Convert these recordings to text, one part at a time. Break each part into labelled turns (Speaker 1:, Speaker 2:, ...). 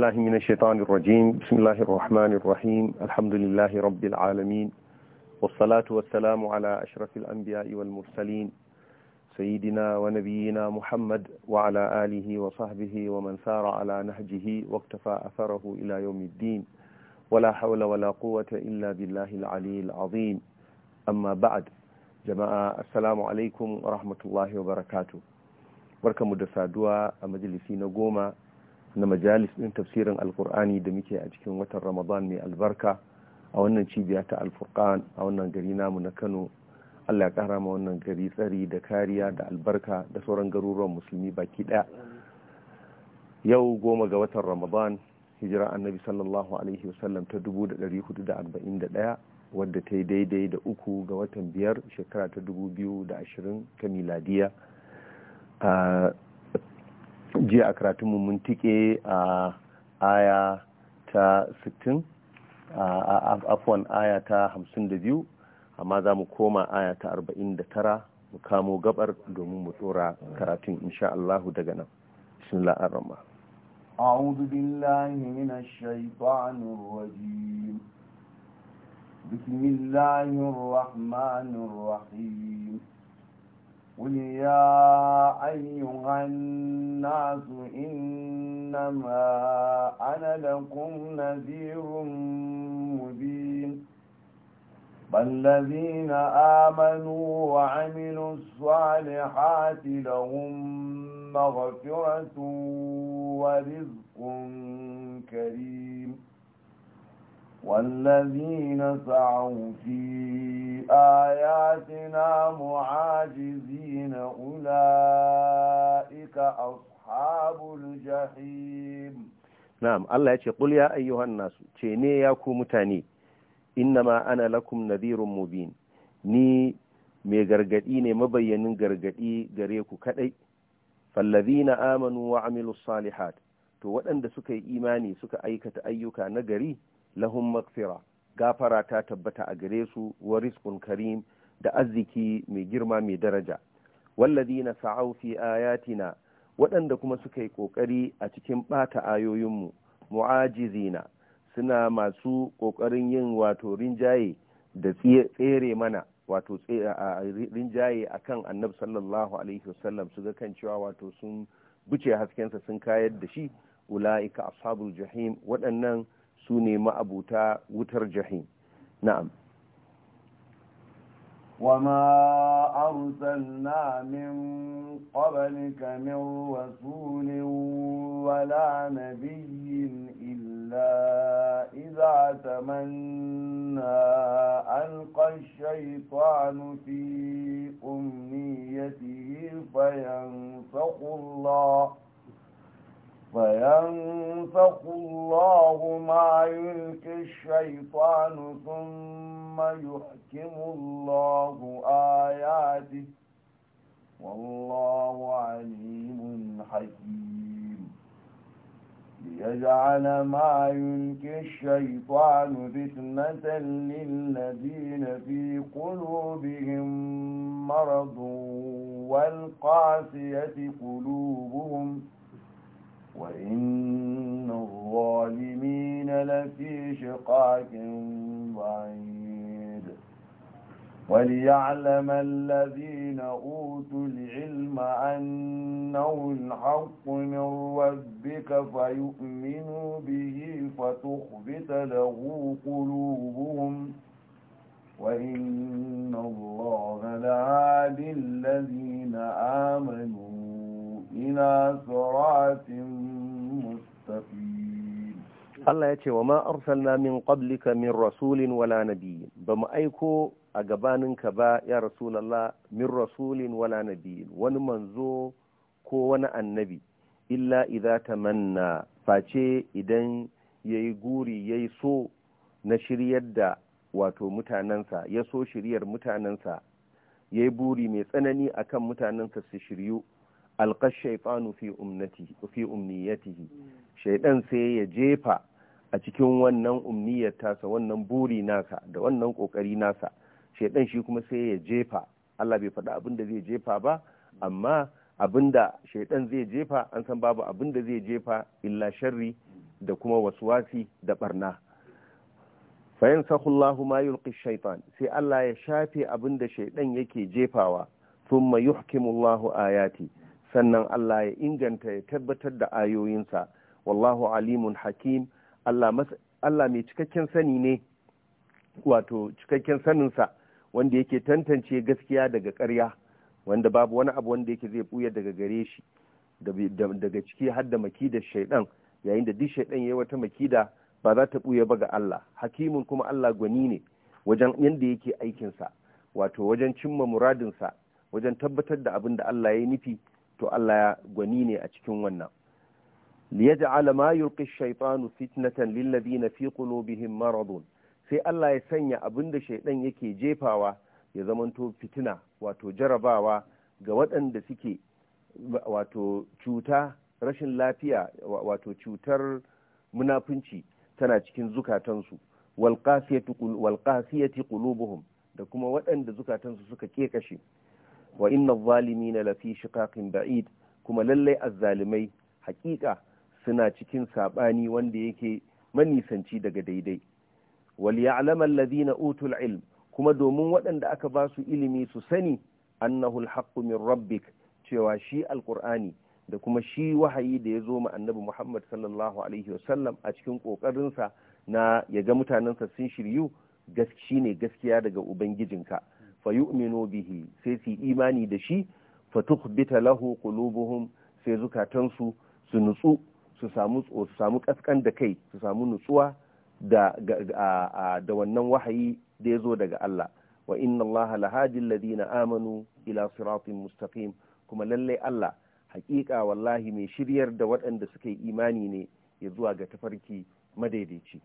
Speaker 1: الله من الشيطان الرجيم بسم الله الرحمن الرحيم الحمد لله رب العالمين والصلاة والسلام على أشرف الأنبياء والمرسلين سيدنا ونبينا محمد وعلى آله وصحبه ومن سار على نهجه واقتفى أثره إلى يوم الدين ولا حول ولا قوة إلا بالله العلي العظيم أما بعد جماعة السلام عليكم ورحمة الله وبركاته بركة مدسادوة مجلسين قومة na majalis ɗin tafsirin alkur'ani da muke a cikin watan ramadan mai albarka a wannan cibiya ta alfurkan a wannan gari namu na kano allah ya kara ma wannan gari tsari da kariya da albarka da sauran garuruwan musulmi baki ɗaya yau goma ga watan ramadan hijira annabi sallallahu alaihi wasallam ta 1441 wadda ta yi daidai da uku ga watan biyar shekara ta da 2020 ta miladiya ah, ji a karatunmu mun tike a aya ta 60 a afwan aya ta 52 amma za mu koma aya ta 49 mu kamo gabar domin mu tsora karatun insha Allahu daga nan bismillah ar-rahman
Speaker 2: أعوذ بالله من الشيطان الرجيم بسم الله الرحمن
Speaker 1: الرحيم
Speaker 2: قل يا أيها الناس إنما أنا لكم نذير مبين فالذين آمنوا وعملوا الصالحات لهم مغفرة ورزق كريم والذين سعوا في آياتنا معاجزين أولئك أصحاب الجحيم
Speaker 1: نعم الله يقول قل يا أيها الناس تيني ياكو متاني إنما أنا لكم نذير مبين ني mai gargadi ne mabayyanin gargadi gare ku kadai fallazina amanu wa amilus salihat to waɗanda suka yi imani suka aikata ayyuka na gari lahum magfira gafara ta tabbata a gare su wa rizqun karim da arziki mai girma mai daraja walladina sa'au fi ayatina waɗanda kuma suka yi ƙoƙari a cikin ɓata ayoyinmu mu'ajizina suna masu ƙoƙarin yin wato rinjaye da tsere mana wato rinjaye a kan annab sallallahu alaihi wasallam su ga kan cewa wato sun buce haskensa sun kayar da shi ula'ika ashabul jahim waɗannan su ما أبو wutar jahim نعم وما أرسلنا من
Speaker 2: قبلك من رسول ولا نبي إلا إذا تمنى ألقى الشيطان في أمنيته فينفق الله فينفخ الله ما يلقي الشيطان ثم يحكم الله آياته والله عليم حكيم ليجعل ما يلقي الشيطان فتنة للذين في قلوبهم مرض والقاسية قلوبهم وإن الظالمين لفي شقاك بعيد وليعلم الذين أوتوا العلم أنه الحق من ربك فيؤمنوا به فتخبت له قلوبهم وإن الله لعاد الذين آمنوا إلى صراط
Speaker 1: مستقيم الله يتي وما أرسلنا من قبلك من رسول ولا نبي بما أيكو أقبانك با يا رسول الله من رسول ولا نبي ونمن ذو كون النبي إلا إذا تمنى face إذن ya ييسو نشري يدى wato mutanensa ya so shiryar mutanensa ya yi buri mai tsanani akan mutanensa su shiryu alƙar shaifanu fi umniyatihi shaidan sai ya jefa a cikin wannan umniyar tasa wannan buri nasa da wannan ƙoƙari nasa shaidan shi kuma sai ya jefa Allah bai faɗa abin da zai jefa ba amma abin da shaidan zai jefa an san babu abin da zai jefa illa sharri da kuma waswasi da barna fayan sahullahu ma yulqi shaitan sai Allah ya shafe abin da shaidan yake jefawa thumma yuhkimullahu ayati sannan Allah ya inganta ya tabbatar da ayoyinsa wallahu alimun hakim Allah mai cikakken sani ne wato cikakken saninsa wanda yake tantance gaskiya daga karya. wanda babu wani abu wanda yake zai buya daga gare shi daga ciki har da makidar shaidan yayin da duk shaidan yayi wata makida ba za ta buya ba ga Allah hakimun kuma Allah gwani ne wajen yanda yake aikinsa wato wajen cimma muradinsa wajen tabbatar da abin da Allah ya nufi to Allah gwani ne a cikin wannan liyaj'ala ma yulqi ash-shaytanu fitnatan lil ladina fi qulubihim maradun sai Allah ya sanya abinda shaidan yake jefawa ya zamanto fitina wato jarabawa ga waɗanda suke wato cuta rashin lafiya wato cutar munafunci tana cikin zukatansu qasiyati qulubuhum da kuma waɗanda zukatansu suka kekashe wa inna na lafi shiqaqin ba'id kuma lallai azzalimai hakika suna cikin saɓani wanda yake manisanci daga daidai wal ya'lamu alladhina utul ilm kuma domin waɗanda aka ba su ilimi su sani annahu alhaqqu min rabbik cewa shi alqur'ani da kuma shi wahayi da ya zo ma annabi Muhammad sallallahu alaihi wasallam a cikin kokarinsa na ya ga mutanensa sun shiryu gaski ne gaskiya daga ubangijinka fa yu'minu bihi sai su imani da shi fa tukhbita lahu qulubuhum sai zukatansu su nutsu su samu su samu kaskan da kai su samu nutsuwa da da wannan wahayi da yazo daga Allah wa inna Allah lahadi alladhina amanu ila siratin mustaqim kuma lallai Allah hakika wallahi mai shiryar da waɗanda suka yi imani ne ya zuwa ga tafarki madaidaici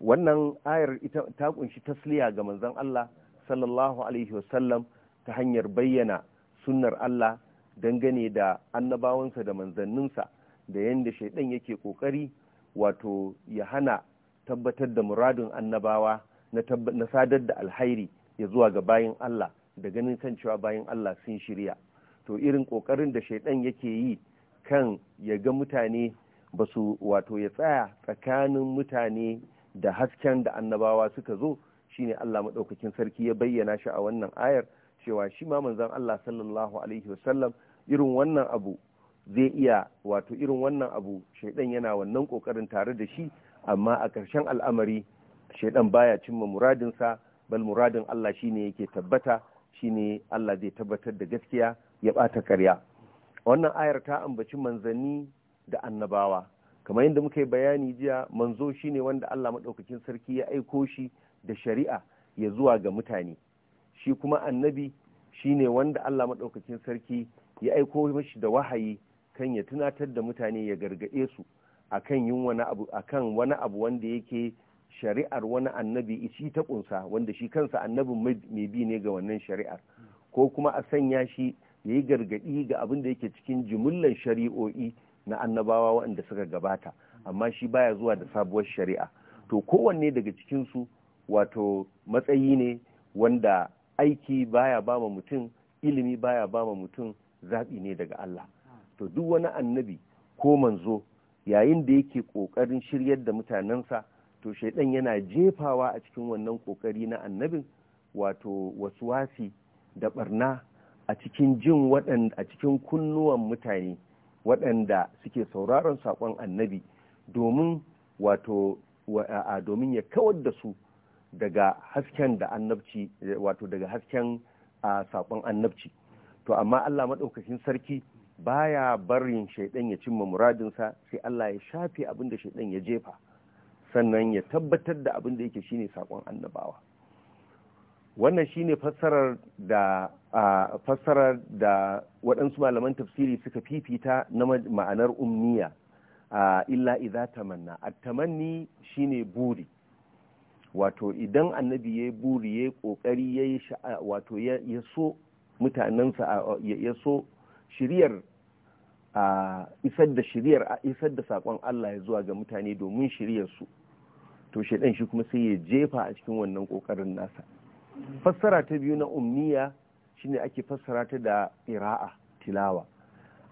Speaker 1: wannan ayar ita ta kunshi tasliya ga manzon Allah sallallahu alaihi wasallam ta hanyar bayyana sunnar Allah dangane da annabawansa da manzanninsa da yadda shaidan yake kokari wato ya hana tabbatar da muradun annabawa na sadar da alhairi ya zuwa ga bayin Allah da ganin kan cewa bayin Allah sun shirya to irin kokarin da shaidan yake yi kan ya ga mutane ba su wato ya tsaya tsakanin mutane da hasken da annabawa suka zo shine Allah madaukakin sarki ya bayyana shi a wannan ayar cewa shi ma manzon Allah sallallahu alaihi wasallam irin wannan abu zai iya wato irin wannan abu shaidan yana wannan kokarin tare da shi amma a ƙarshen al'amari shaidan baya cimma muradinsa bal muradin Allah shine yake tabbata shine Allah zai tabbatar da gaskiya ya ɓata ƙarya wannan ayar ta ambaci manzanni da annabawa kamar yadda muka yi bayani jiya manzo shine wanda Allah madaukakin sarki ya aiko shi da shari'a ya zuwa ga mutane shi kuma annabi shi ne wanda Allah maɗaukakin sarki ya aiko mashi da wahayi kan ya tunatar da mutane ya gargaɗe su akan yin wani abu akan wani abu wanda yake shari'ar wani annabi shi ta ƙunsa wanda shi kansa annabi mai bi ne ga wannan shari'ar ko kuma a sanya shi ya yi gargaɗi ga abin da yake cikin jimillar shari'o'i na annabawa waɗanda suka gabata amma shi baya zuwa da sabuwar shari'a to kowanne daga cikinsu wato matsayi ne wanda aiki baya ba ma mutum ilimi baya ba ma mutum zaɓi ne daga Allah to duk wani annabi ko manzo yayin da yake ƙoƙarin shiryar da mutanensa to shaidan yana jefawa a cikin wannan ƙoƙari na annabin wato wasuwasi da barna a cikin jin waɗanda a cikin kunnuwan mutane waɗanda suke sauraron saƙon annabi domin wato domin ya kawar da su daga hasken da annabci wato daga hasken a sakon annabci to amma Allah maɗaukakin sarki baya barin shaidan ya cimma muradinsa sai Allah ya shafe abin da shaidan ya jefa sannan ya tabbatar da abin da yake shine sakon annabawa wannan shine fassarar da fassarar da waɗansu malaman tafsiri suka fifita na ma'anar umniya illa idza tamanna at-tamanni shine buri wato idan annabi ya yi buri ya yi kokari ya yi wato ya so mutanensa ya so shiriyar isar da shiriyar isar da saƙon Allah ya zuwa ga mutane domin shiryar su to shaidan shi kuma sai ya jefa a cikin wannan ƙoƙarin nasa fassara ta biyu na ummiya shine ake fassara ta da qira'a tilawa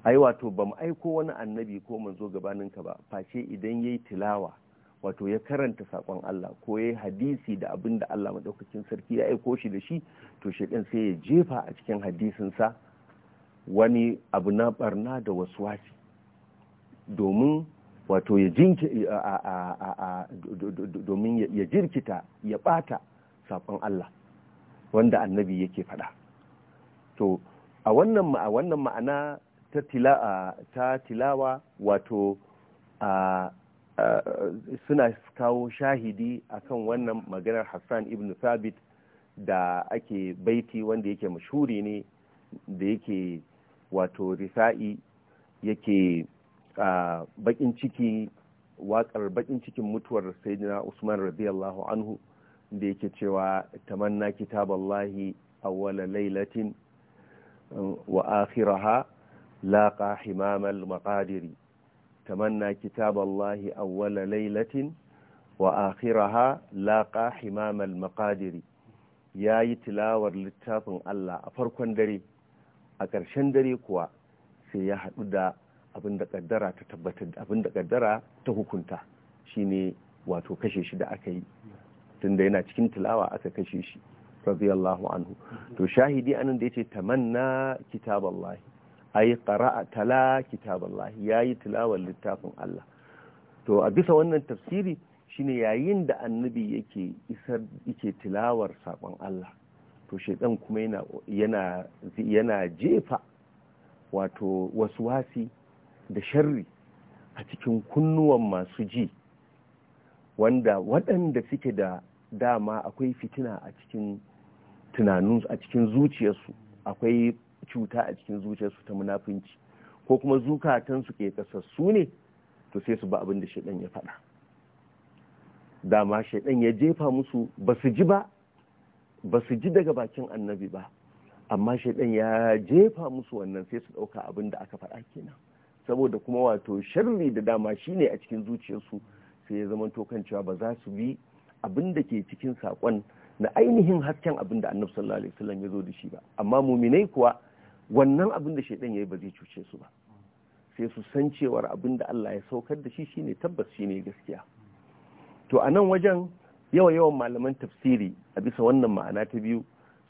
Speaker 1: ai wato bamu aiko wani annabi ko manzo gabaninka ba face idan yayi tilawa wato ya karanta sakon Allah ko ya hadisi da abin da Allah maɗaukacin sarki ya aiko shi da shi to shaidan sai ya jefa a cikin hadisinsa wani abu na barna da wasi domin wato ya domin ya jirkita ya ɓata sakon Allah wanda annabi yake faɗa to a wannan ma'ana ta tilawa wato a suna kawo shahidi akan wannan maganar Hassan ibn Thabit da ake baiti wanda yake mashuri ne da yake wato risa'i yake bakin ciki waƙar bakin cikin mutuwar sayyidina Usman radiyallahu anhu da yake cewa tamanna kitaballahi awwala lailatin wa akhiraha laqa himamal maqadiri tamanna kitaballahi awwala lailatin wa akhiraha laqa himamal makadiri. yayi tilawar littafin Allah a farkon dare a ƙarshen dare kuwa sai ya haɗu da abin da kaddara ta tabbatar abin da kaddara ta hukunta shine wato kashe shi da aka yi tunda yana cikin tilawa aka kashe shi radiyallahu anhu to shahidi anan da yace tamanna kitaballahi ayi qara'a tala kitaballahi yayi tilawar littafin Allah to a bisa wannan tafsiri shine yayin da annabi yake isar yake tilawar saƙon Allah to shaitan kuma yana yana yana jefa wato waswasi da sharri a cikin kunnuwan masu ji wanda waɗanda suke da dama akwai fitina a cikin tunaninsu a cikin zuciyarsu akwai cuta a cikin zuciyarsu ta munafunci ko kuma zukatansu ke kasassu ne to sai su ba abin da shaidan ya faɗa dama shaidan ya jefa musu ba su ji ba ba su ji daga bakin annabi ba amma shaidan ya jefa musu wannan sai su ɗauka abin da aka faɗa kenan saboda kuma wato sharri da dama shine a cikin zuciyarsu sai ya zama kan cewa ba za su bi abin da ke cikin sakon na ainihin hasken abin da annabi sallallahu alaihi wasallam ya zo da shi ba amma muminai kuwa wannan abin da ya yi ba zai cuce su ba sai su san cewar abin da Allah ya saukar da shi shine tabbas shine gaskiya to a nan wajen yawa yawan malaman tafsiri a bisa wannan ma'ana ta biyu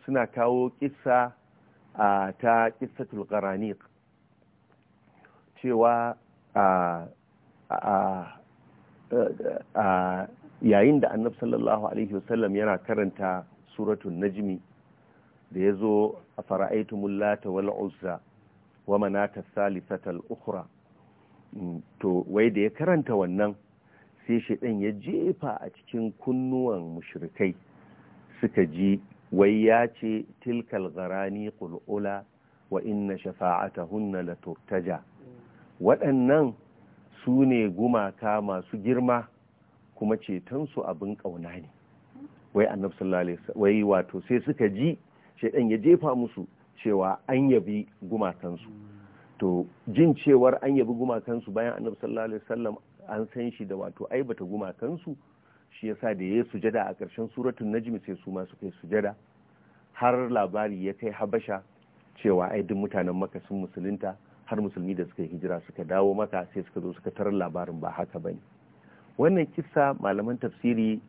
Speaker 1: suna kawo kissa ta kissatul qaraniq cewa yayin da annabi sallallahu alaihi wasallam yana karanta suratun najmi da ya zo a fara'aitu mullata wal uzza wa manata salisatal ukhra mm, to wai da ya karanta wannan sai shaidan ya jefa a cikin kunnuwan mushrikai suka ji wai ya ce tilkal ni ƙul'ula wa inna shafa'atahunna turtaja waɗannan su ne gumaka masu girma kuma cetonsu abin ƙauna ne wai annabi sallallahu alaihi wai wato sai suka ji shaidan ya jefa musu cewa an yabi gumakansu to jin cewar an yabi gumakansu bayan annabi sallallahu alaihi wasallam an san shi da wato ai bata gumakansu shi yasa da ya sujada a ƙarshen suratul najmi sai su ma su kai sujada har labari ya kai habasha cewa ai duk mutanen makka sun musulunta har musulmi da suka hijira suka dawo maka sai suka zo suka tarar labarin ba haka bane wannan kissa malaman tafsiri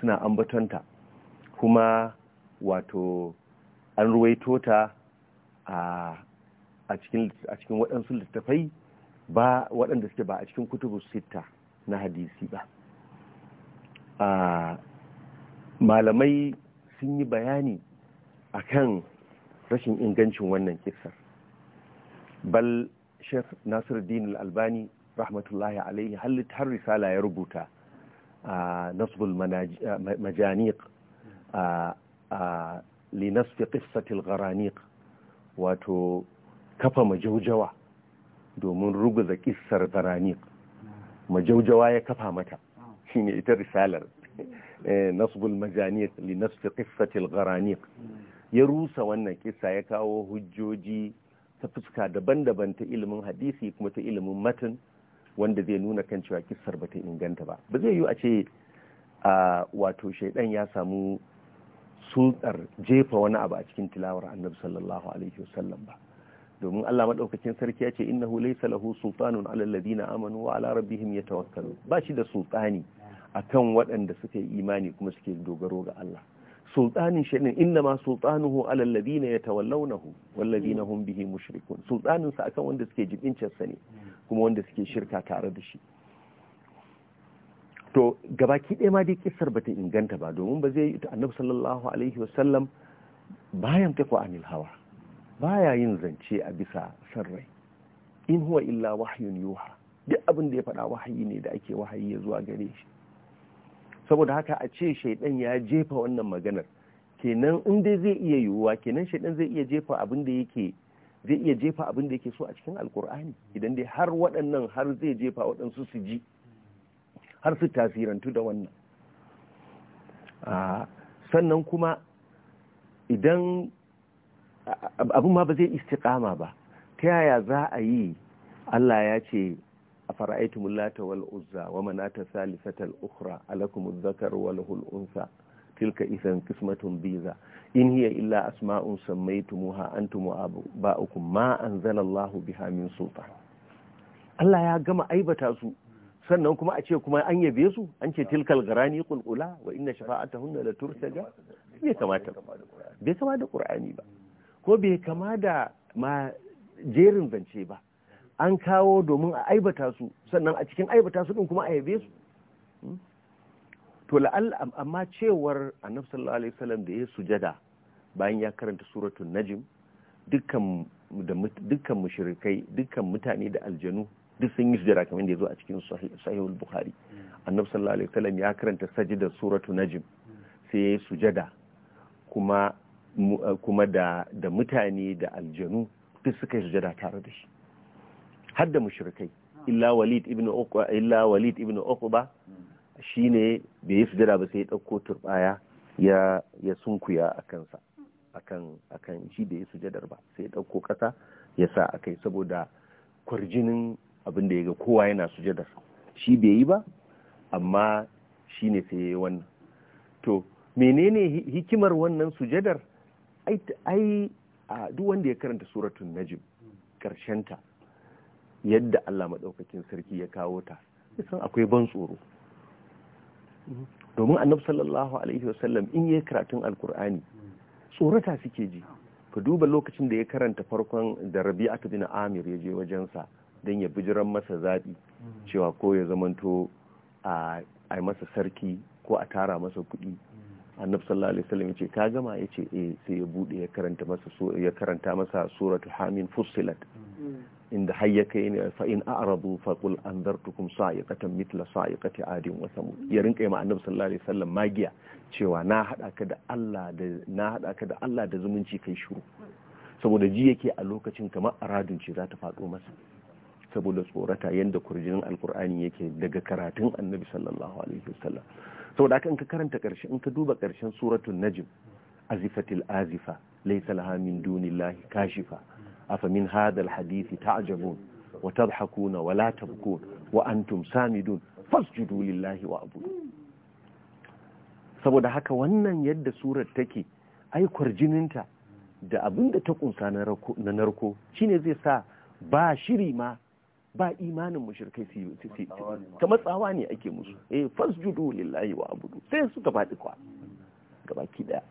Speaker 1: suna ambatonta kuma wato an ruwaito ta a cikin waɗansu littafai ba waɗanda suke ba a cikin kutubu sitta na hadisi ba malamai sun yi bayani a kan rashin ingancin wannan kisar bal sheikh nasiruddin albani rahmatullahi alaihi har risala ya rubuta a nasbul majaniq a linasfi qissatil gharaniq wato kafa majaujawa domin ruguza ƙissar garanik majaujawa ya kafa mata shi ne ita risalar eh, nasbul majaniq linasfi kisatil gharaniq ya rusa wannan kisa ya kawo hujjoji ta fuska daban-daban ta ilimin hadisi kuma ta ilimin matan wanda zai nuna kan cewa kissar ba ta inganta ba ba zai yi a ce wato shaidan ya samu sultar jefa wani abu a cikin tilawar annabi sallallahu alaihi wasallam ba domin Allah madaukakin sarki ya ce innahu laysa lahu sultanun ala alladhina amanu wa ala rabbihim yatawakkalu ba shi da sultani akan waɗanda suka yi imani kuma suke dogaro ga Allah sultanin shi ne inna ma sultanuhu ala alladhina yatawallawnahu ladina hum bihi mushrikun sultanin sa akan wanda suke jibincin sa ne kuma wanda suke shirka tare da shi to ki ɗaya ma dai kisar bata inganta ba domin ba zai yi annabi sallallahu alaihi wasallam bayan tafi anil hawa baya yin zance a bisa san rai in huwa illa wahyun yuha duk abin da ya faɗa wahayi ne da ake wahayi ya zuwa gare shi saboda haka a ce shaidan ya jefa wannan maganar kenan in dai zai iya yiwuwa kenan shaidan zai iya jefa abin da yake zai iya jefa abin da yake so a cikin alkur'ani idan dai har waɗannan har zai jefa waɗansu su ji har su tasirantu da wannan sannan kuma idan abin ma ba zai istiqama ba ta yaya za a yi Allah ya ce a fara'aitu mulata wal uzza wa manata salisatal ukhra alakum adh-dhakar wa unsa tilka isan kismatun biza in hiya illa asma'un sammaytumuha antum wa ba'ukum ma anzala Allahu biha min sultan Allah ya gama aibata su sannan kuma a ce kuma an yabe su an ce tilkal garani kulkula wa inna hunna la tursaja bai kamata bai kama da qur'ani ba ko bai kama da ma jerin zance ba an kawo domin a aibata su sannan a cikin aibata su din kuma a yabe su hmm? to la'al amma cewar annabi sallallahu alaihi wasallam da ya sujada bayan ya karanta suratul najm dukkan da dukkan mushrikai dukkan mutane da aljanu duk sun yi sujada kamar da ya zo a cikin sahihul bukhari annabi sallallahu alaihi wasallam ya karanta sajida suratu najm sai ya yi sujada kuma kuma da da mutane da aljanu duk suka yi sujada tare da shi har da mushrikai illa walid ibnu uqba illa walid ibnu uqba shine bai yi sujada ba sai ya dauko turbaya ya ya sunkuya a kansa akan akan shi bai yi sujadar ba sai ya dauko kasa ya sa akai saboda kwarjinin Abin da ya ga kowa yana sujadar shi bai yi ba amma shi ne sai ya yi wannan to menene hikimar wannan sujadar ai duk wanda ya karanta suratun karshen ta yadda allah maɗaukakin sarki ya kawo ta san akwai ban tsoro domin annabi sallallahu alaihi wasallam in yi karatun alkur'ani tsorata suke ji ka duba lokacin da ya karanta farkon da rabi'atu bin amir ya je wajensa don ya bijiran masa zaɓi cewa ko ya zamanto a yi masa sarki ko a tara masa kuɗi annabi sallallahu alaihi wasallam yace ka gama yace eh sai ya bude ya karanta masa ya karanta masa suratul hamin fussilat inda hayyaka ne fa in a'radu fa qul anzartukum sa'iqatan mithla sa'iqati adin wa samud ya rinka yi ma annabi sallallahu alaihi wasallam magiya cewa na hada ka da Allah da na hada ka da Allah da zumunci kai shuru saboda ji yake a lokacin kamar aradun ce za ta faɗo masa saboda tsorata yadda kurjinin alkur'ani yake daga karatun annabi sallallahu alaihi wasallam saboda haka in ka karanta karshe in ka duba karshen suratul najm azifatil azifa laysa laha min dunillahi kashifa afa min hadha ta ta'jabun wa tadhakuna wa la tabkun wa antum samidun fasjudu wa abudu saboda haka wannan yadda surar take ai kwarjininta da abin da ta kunsa na narko shine zai sa ba shiri ma ba imanin mushrikai su kamar tsawa ne ake musu eh fasjudu lillahi wa abudu sai suka da kwa ki daya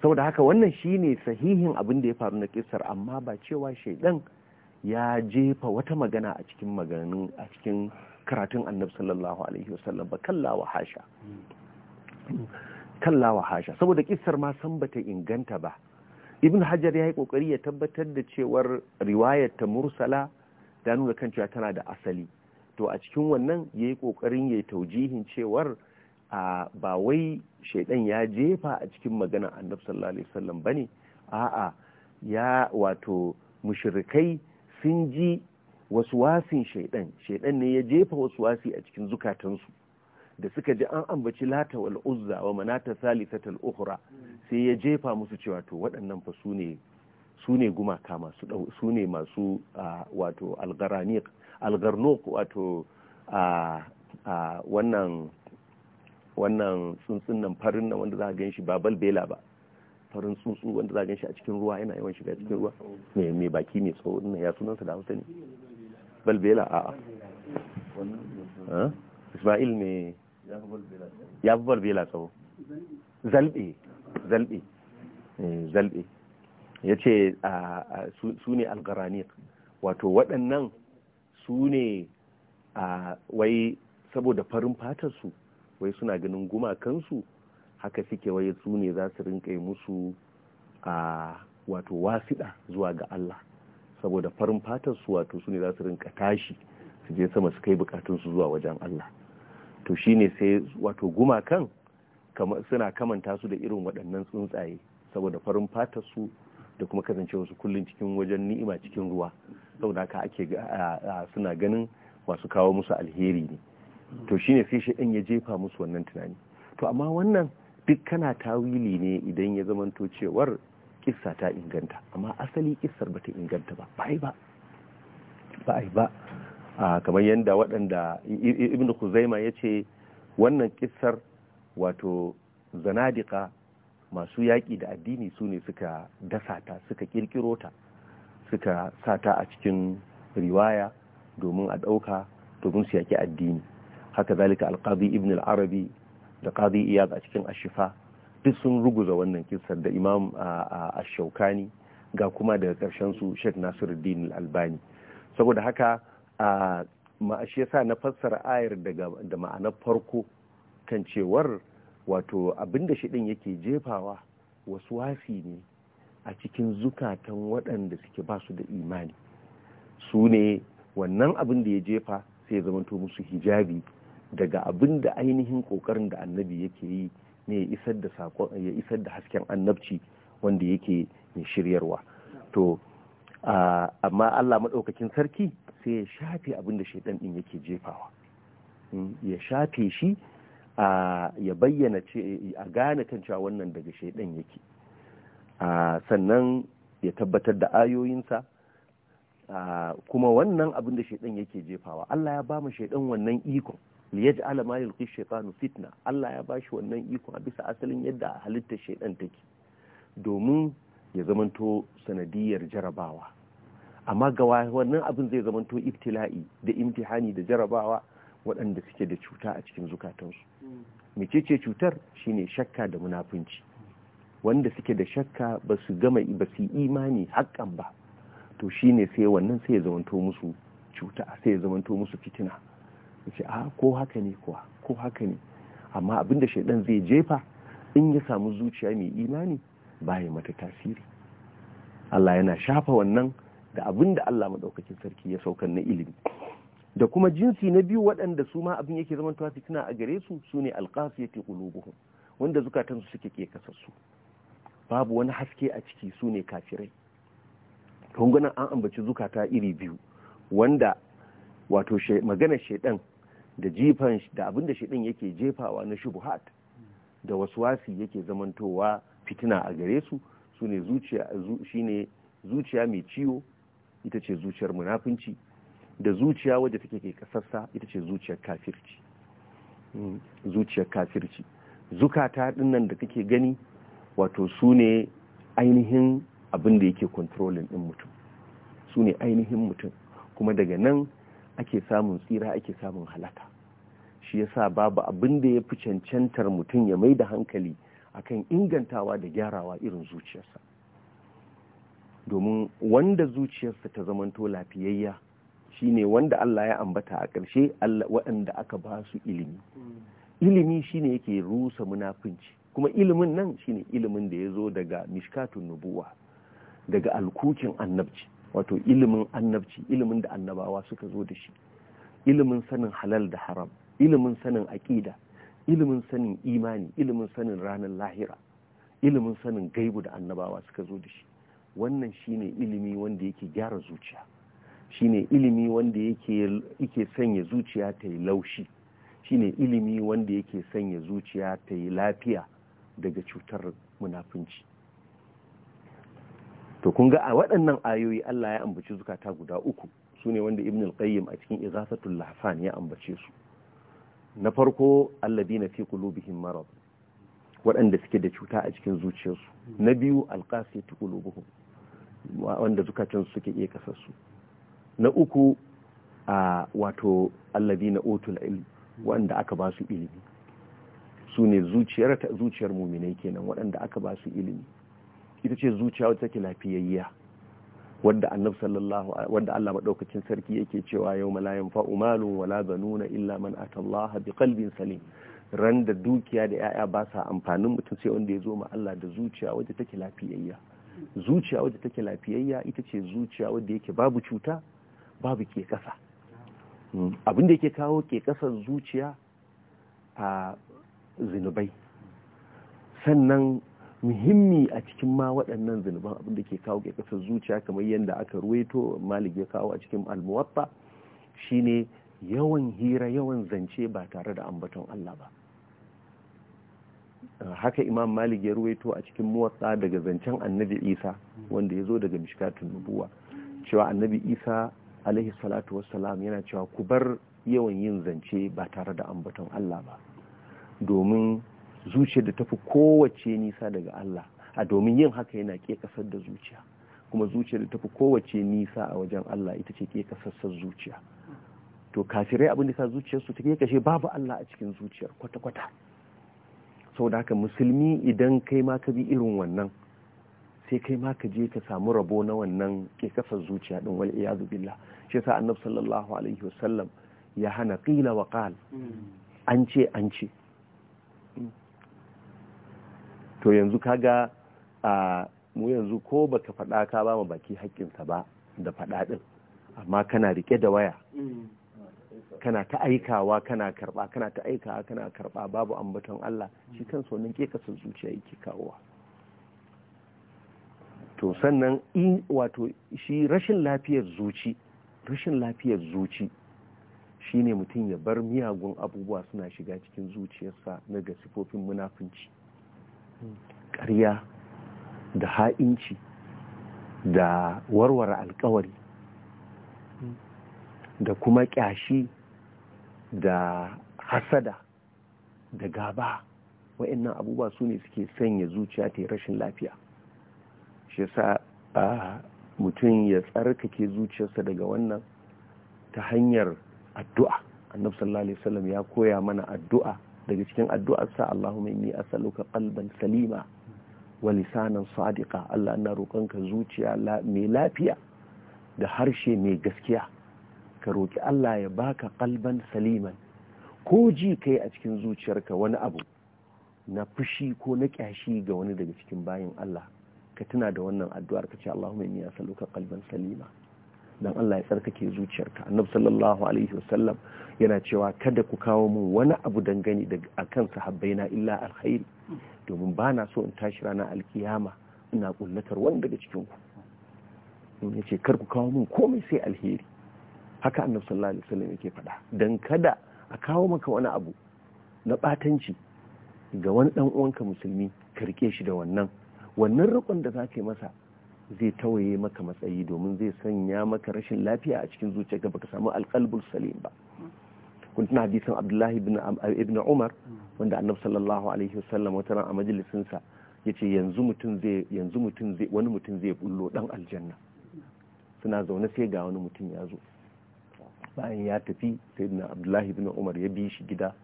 Speaker 1: saboda haka wannan shine sahihin abin da ya faru na kisar amma ba cewa shaidan ya jefa wata magana a cikin maganin a cikin karatun annabi sallallahu alaihi wasallam ba kallawa hasha kallawa hasha saboda kisar ma san bata inganta ba ibn hajar ya yi kokari ya tabbatar da cewar riwayar ta mursala ta nuna kan cewa tana da asali to a cikin wannan ya yi ƙoƙarin ya yi taujihin cewar ba wai shaidan ya jefa a cikin magana annabi sallallahu alaihi wasallam bane a'a ya wato mushrikai sun ji wasin shaidan shaidan ne ya jefa wasu wasi a cikin zukatansu da suka ji an ambaci lata wal uzza wa manata salisatal ukhra hmm. sai ya jefa musu cewa to waɗannan fa su ne su ne gumaka masu su ne masu wato algaraniq algarnok wato wannan wannan tsuntsun nan farin nan wanda za a ganshi ba balbela ba farin tsuntsu wanda za a ganshi a cikin ruwa yana yawan shiga cikin ruwa mai baki mai tsawo ina ya sunansa da hausa ne balbela a a ismail ne ya fi balbela tsawo zalbe zalbe eh, zalbe ya ce su ne algaraniq wato waɗannan su ne wai saboda farin fatarsu wai suna ganin gumakansu haka suke wai su ne za su musu a wato wasiɗa zuwa ga Allah saboda farin fatarsu wato su ne za su rinka tashi su je sama su kai bukatunsu zuwa wajen Allah to shine sai wato gumakan suna kamanta su da irin waɗannan tsuntsaye saboda farin fatarsu da kuma kasancewarsu kullum cikin wajen ni'ima cikin ruwa saboda haka ake suna ganin masu kawo musu alheri ne to shine sai din ya jefa musu wannan tunani to amma wannan duk kana tawili ne idan ya zamanto cewar kissa ta inganta amma asali kissar bata inganta ba ba ba ba ba kamar yadda waɗanda ibn Kuzaima ya ce wannan kissar wato zanadika masu yaƙi da addini su ne suka dasa ta suka ƙirƙiro ta suka sa ta a cikin riwaya domin a ɗauka domin su yaƙi addini haka zalika alƙazi ibn al-arabi da ƙazi iyaz a cikin ashifa duk sun ruguza wannan kisar da imam ashaukani ga kuma daga ƙarshen su sheikh nasiruddin al-albani saboda haka a shi sa na fassara ayar da ma'anar farko kan cewar wato abinda shiɗin yake jefawa wasu wasi ne a cikin zukatan waɗanda suke ba su da imani su ne wannan abin da ya jefa sai ya zamanto musu hijabi daga abin da ainihin ƙoƙarin da annabi yake yi ne ya isar da hasken annabci wanda yake mai shiryarwa to amma allah maɗaukakin sarki sai ya shafe abin da shaidan ɗin yake jefawa hmm, ya shafe shi ya bayyana ce a gane kan cewa wannan daga shaidan yake sannan ya tabbatar da ayoyinsa kuma wannan abin da shaidan yake jefawa Allah ya ba mu shaidan wannan ikon liyaj'ala ma yulqi shaytanu fitna Allah ya bashi wannan ikon a bisa asalin yadda halitta shaidan take domin ya zamanto sanadiyar jarabawa amma ga wannan abin zai zamanto ibtila'i da imtihani da jarabawa waɗanda suke da cuta a cikin zukatansu hmm. mecece cutar shine shakka da munafunci wanda suke da shakka ba su gama ba su imani haƙƙan ba to shine sai wannan sai ya zamanto musu cuta sai ya zamanto musu fitina yace a ah, ko haka ne kuwa ko haka ne amma abinda shaidan zai jefa in ya samu zuciya mai imani baya mata tasiri Allah yana shafa wannan da abinda Allah maɗaukakin sarki ya saukar na ilimi da kuma jinsi na biyu waɗanda su ma abin yake zamantowa fitina a gare su su ne alƙasiyati qulubuhum wanda zukatansu suke ke kasassu babu wani haske a ciki su ne kafirai kungunan an ambaci zukata iri biyu wanda wato magana shaidan da jifan da abin da shaidan yake jefawa na shubuhat da wasu wasi yake zamantowa fitina a gare su su ne zuciya mai ciwo ita ce zuciyar munafunci da zuciya wadda take ke kasarsa ita ce zuciyar kafirci hmm, zuciyar kafirci zukata dinnan da kake gani wato su ne ainihin abin da yake controlling din mutum su ne ainihin mutum kuma daga nan ake samun tsira ake samun halaka shi yasa babu abin da ya fi cancantar mutum ya mai da hankali akan ingantawa da gyarawa irin zuciyarsa domin wanda zuciyarsa ta zamanto lafiyayya Shi ne wanda Allah ya ambata a ƙarshe waɗanda aka ba su ilimi mm. ilimi ne yake rusa munafunci kuma ilimin nan shi ne ilimin da ya zo daga mishkatun nubuwa daga alkukin annabci wato ilimin annabci ilimin da annabawa suka zo da shi ilimin sanin halal da haram ilimin sanin aƙida ilimin sanin imani ilimin sanin ranar lahira ilimin sanin gaibu da annabawa suka zo da shi wannan shi ne ilimi wanda yake gyara zuciya shine ilimi wanda yake sanya zuciya ta yi laushi shine ilimi wanda yake sanya zuciya ta yi lafiya daga cutar munafunci to kun ga a waɗannan ayoyi Allah ya ambaci zukata guda uku su ne wanda ibn al-qayyim a cikin izafatul lahfan ya ambace su na farko alladina fi qulubihim marad waɗanda suke da cuta a cikin zuciyarsu na biyu alqasiyatu qulubuhum wanda zukatan suke iya kasarsu na uku a wato allabi na otul ilmi wanda aka ba su ilimi su ne zuciyar ta zuciyar muminai kenan waɗanda aka ba su ilimi ita ce zuciya wata ke lafiyayya wadda annab sallallahu wadda Allah madaukakin sarki yake cewa yau malayan fa'u malun wala banuna illa man atallaha bi qalbin salim ran da dukiya da yaya ba sa amfanin mutum sai wanda ya zo ma Allah da zuciya wadda take lafiyayya zuciya wadda take lafiyayya ita ce zuciya wadda yake babu cuta babu ke ƙasa hmm. abin da yake kawo ke kasar zuciya a zinubai sannan muhimmi a cikin ma waɗannan zinuban abin da ke kawo ke kasar zuciya kamar yadda aka ruwaito malik ya kawo a cikin almuwatta shine yawan hira yawan zance ba tare da ambaton Allah ba ah, haka imam malik ya ruwaito a cikin muwatsa daga zancen annabi isa hmm. wanda ya zo daga mishkatun nubuwa cewa annabi isa alaihi salatu wassalam yana cewa ku bar yawan yin zance ba tare da ambaton Allah ba domin zuciya da tafi kowace nisa daga Allah a domin yin haka yana ke kasar da zuciya kuma zuciya da tafi kowace nisa a wajen Allah ita ce ke kasassar zuciya to kafirai abin da sa zuciyarsu take kashe babu Allah a cikin zuciyar kwata-kwata sau da haka musulmi idan kai ma ka bi irin wannan sai kai ma ka je ka samu rabo na wannan kasar zuciya din wal iyazu billah shi yasa annabi sallallahu alaihi wasallam ya hana qila wa qal hmm. an ce an ce to yanzu kaga a mu yanzu ko baka faɗa ka ba mu baki sa ba da faɗa din amma kana rike da waya hmm. kana ta aikawa kana karba kana ta aikawa kana karba babu ambaton Allah shi kan sonin kasar zuciya yake kawowa to sannan in wato shi rashin lafiyar zuci rashin lafiyar zuci shine mutum ya bar miyagun abubuwa suna shiga cikin zuciyarsa na ga sifofin munafunci ƙarya da ha'inci da warware alkawari da kuma ƙyashi da hasada da gaba wa'annan abubuwa su ne suke sanya zuciya ta rashin lafiya shi yasa mutum ya tsarkake zuciyarsa daga wannan ta hanyar addu'a annab sallallahu alaihi wasallam ya koya mana addu'a daga cikin addu'arsa Allahumma inni as'aluka qalban salima wa lisanan sadiqa Allah ina roƙonka zuciya mai lafiya da harshe mai gaskiya ka roƙi Allah ya baka qalban saliman ko ji kai a cikin zuciyarka wani abu na fushi ko na ƙyashi ga wani daga cikin bayin Allah ka tuna da wannan addu'ar ka ce Allahumma inni as'aluka qalban salima dan Allah ya tsarkake zuciyarka annabi sallallahu alaihi wasallam yana cewa kada ku kawo mun wani abu dangane da akan sahabbaina illa alkhairi domin ba na so in tashi rana alkiyama ina kullatar wani daga cikin ku ya yace kar ku kawo mun komai sai alheri haka Annab sallallahu alaihi wasallam yake faɗa dan kada a kawo maka wani abu na batanci ga wani dan uwanka musulmi ka rike shi da wannan wannan rikon da za ka yi masa zai tawaye maka matsayi domin zai sanya maka rashin lafiya a cikin zuciya ga baka samu alƙalbul salim ba kun tuna hadisin abdullahi ibn umar wanda annab sallallahu alaihi wasallam wata ran a majalisin sa yace yanzu mutum zai wani mutum zai bullo dan aljanna suna zaune sai ga wani mutum ya zo bayan ya tafi sayyidina abdullahi ibn umar ya bi shi gida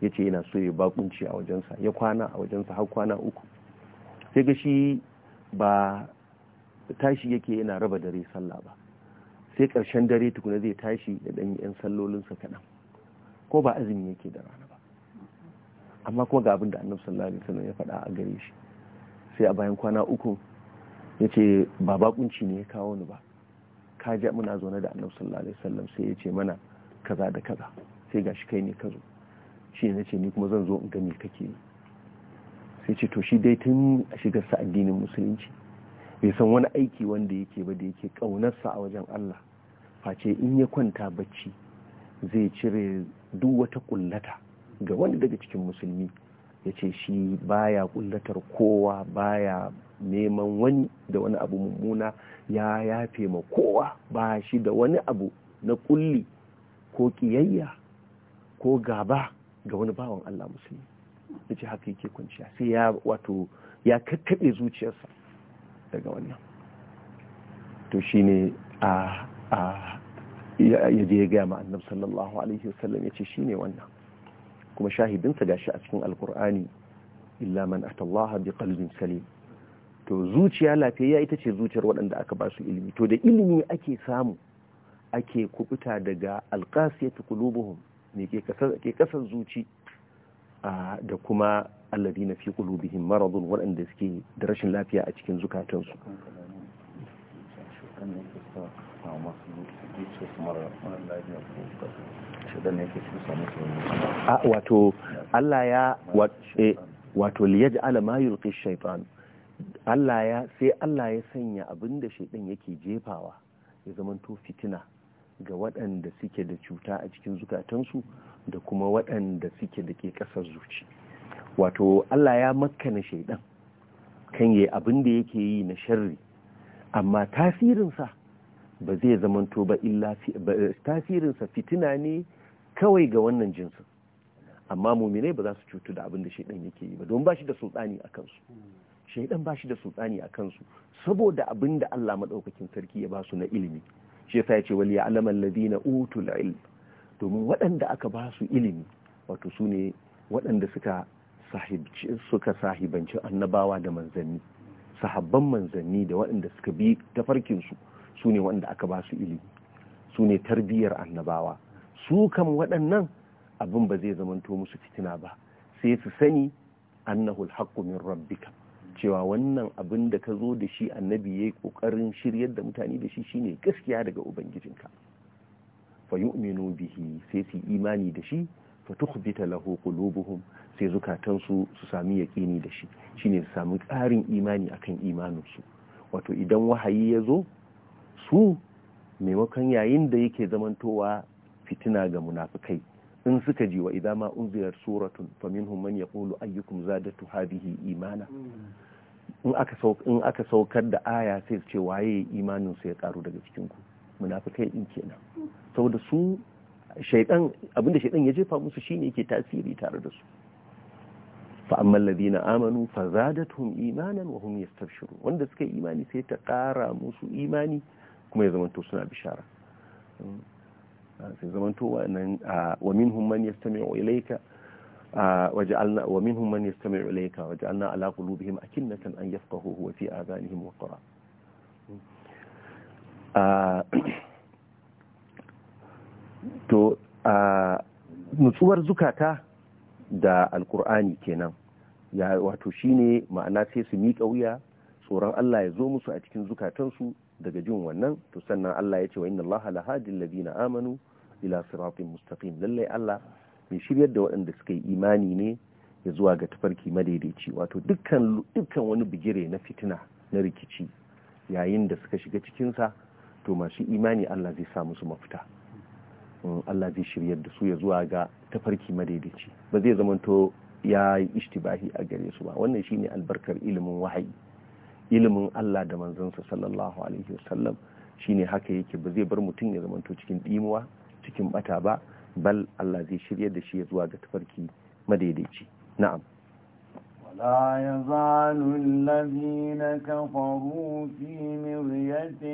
Speaker 1: yace yana so ya bakunci a wajensa ya kwana a wajensa har kwana uku sai ga shi ba tashi yake yana raba dare sallah ba sai ƙarshen dare tukuna zai tashi da ɗan yan sallolinsa kaɗan ko ba azumi yake da rana ba amma kuma ga abin da annabi sallallahu alaihi wasallam ya faɗa a gare shi sai a bayan kwana uku ya ce ba bakunci ne ya kawo ni ba ka ja muna zaune da annabi sallallahu alaihi wasallam sai ya mana kaza da kaza sai gashi kai ne ka zo shi ne ce ni kuma zan zo in ga me kake yi sai ce to shi dai tun a shigarsa addinin musulunci bai san wani aiki wanda yake ba da yake kaunarsa a wajen Allah face in ya kwanta bacci zai cire duk wata kullata ga wani daga cikin musulmi ya ce shi baya kullatar kowa baya neman wani da wani abu mummuna ya yafe ma kowa ba shi da wani abu na kulli ko kiyayya ko gaba ga wani bawan Allah musulmi ya ce haka yake kwanciya sai ya wato ya kakkaɓe zuciyarsa daga wannan to shi ne a ya je ya gaya ma sallallahu alaihi wasallam ya ce shi ne wannan kuma shahidinsa gashi a cikin alkur'ani illa man atallaha bi qalbin salim to zuciya lafiya ita ce zuciyar waɗanda aka ba su ilimi to da ilimi ake samu ake kubuta daga alqasiyatu qulubuhum ne ke kasar zuci da kuma na fi qulubihim maradun waɗanda suke da rashin lafiya a cikin zukatansu wato Allah ya eh, wato liyaj'ala ma yulqi Allah ya sai Allah ya sanya abinda shaiɗan yake jefawa ya zamanto fitina ga waɗanda suke da cuta a cikin zukatansu da kuma waɗanda suke da ke ƙasar zuci wato Allah ya makkana shaidan kan yi abin da yake yi na sharri amma tasirinsa ba zai zamanto ba illa tasirinsa fitina ne kawai ga wannan jinsin amma muminai ba za su cutu da abin da shaidan yake yi ba don ba shi da sultani a kansu shaidan ba shi da sultani a kansu saboda abin da Allah maɗaukakin sarki ya ba su na ilimi shi ya yasa ya ce wal alamar ladina utul ilm domin waɗanda aka ba su ilimi wato su ne waɗanda suka sahibanci annabawa da manzanni sahabban manzanni da waɗanda suka bi tafarkinsu su ne waɗanda aka ba su ilimi su ne tarbiyyar annabawa su kan waɗannan abin ba zai zamanto musu fitina ba sai su sani annahul haqqu min rabbika cewa wannan abin da ka zo da shi annabi yayi kokarin shiryar da mutane da shi shine gaskiya daga ubangijinka fayuminu bihi sai su imani da shi fa tukhbita lahu qulubuhum sai zukatan su su sami yaqini da shi shine su sami ƙarin imani akan imaninsu wato idan wahayi ya zo su maimakon yayin da yake zamantowa fitina ga munafikai in suka ji wa idan ma unzirar suratun fa minhum man yaqulu ayyukum zadatu hadhihi imana hmm. in aka saukar da aya sai su ce waye imanin su ya karu daga cikin ku munafikai din kenan saboda su shaidan abinda shaidan ya jefa musu shine yake tasiri tare da su fa amma alladhina amanu zadatuhum imanan wa hum yastabshirun wanda suka yi imani sai ta kara musu imani kuma ya zamanto suna bishara sai zamanto wannan wa minhum man yastami'u ilayka وجعلنا ومنهم من يستمع إليك وجعلنا على قلوبهم أكنة أن يفقهوه وفي آذانهم وقرأ to nutsuwar zukata da alkur'ani kenan ya wato shine ma'ana sai su miƙa wuya tsoron Allah ya zo musu a cikin zukatansu daga jin wannan to sannan Allah ya ce wa inna Allah la hadil ladina amanu ila siratin mustaqim lallai Allah mai shiryar da waɗanda suka yi imani ne ya zuwa ga tafarki madaidaici wato dukkan wani bigire na fitina na rikici yayin da suka shiga cikinsa. to masu imani Allah zai sa musu mafita Allah zai shiryar da su ya zuwa ga tafarki madaidaici ba zai zamanto ya yi ishtibahi a gare su ba wannan shine albarkar ilimin wahayi ilimin Allah da manzansa sallallahu alaihi wasallam shine haka yake ba zai bar mutum ya zamanto cikin dimuwa cikin bata ba bal Allah zai shiryar da shi ya zuwa ga tafarki madaidaici na'am
Speaker 2: لا يزال الذين كفروا في مرية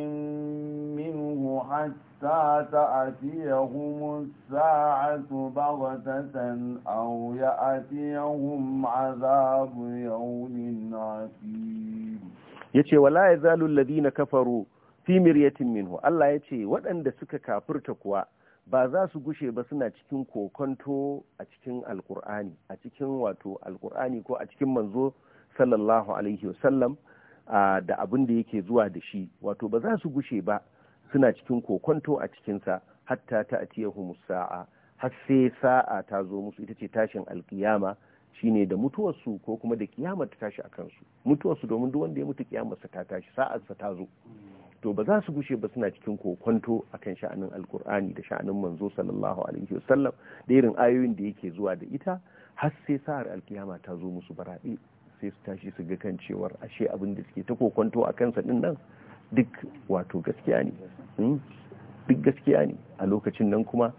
Speaker 2: منه حتى تأتيهم الساعة بغتة أو يأتيهم عذاب يوم عسير
Speaker 1: يتي ولا يزال الذين كفروا في مرية منه الله يتي ودن دسك كافرتك وأن ba za su gushe ba suna cikin kokonto a cikin alkur'ani a cikin wato alkur'ani ko a cikin manzo sallallahu alaihi wasallam da abin da yake zuwa da shi wato ba za su gushe ba suna cikin kokonto a cikinsa hatta ta a atiyahumus sa'a har sai sa'a ta zo musu ita ce tashin alkiyama shine da mutuwarsu ko kuma da kiyamar ta tashi a kansu mutuwarsu domin duk wanda ya mutu kiyamarsa ta tashi sa'arsa ta zo to ba za su gushe ba suna cikin kokonto akan sha'anin alkur'ani da sha'anin manzo sallallahu alaihi wasallam da irin ayoyin da yake zuwa da ita har sai sa'ar alkiyama ta zo musu baraɗe sai su tashi su ga kan cewar ashe abin da suke ta kokonto a kansa din nan duk wato gaskiya ne hmm? duk gaskiya ne a lokacin nan kuma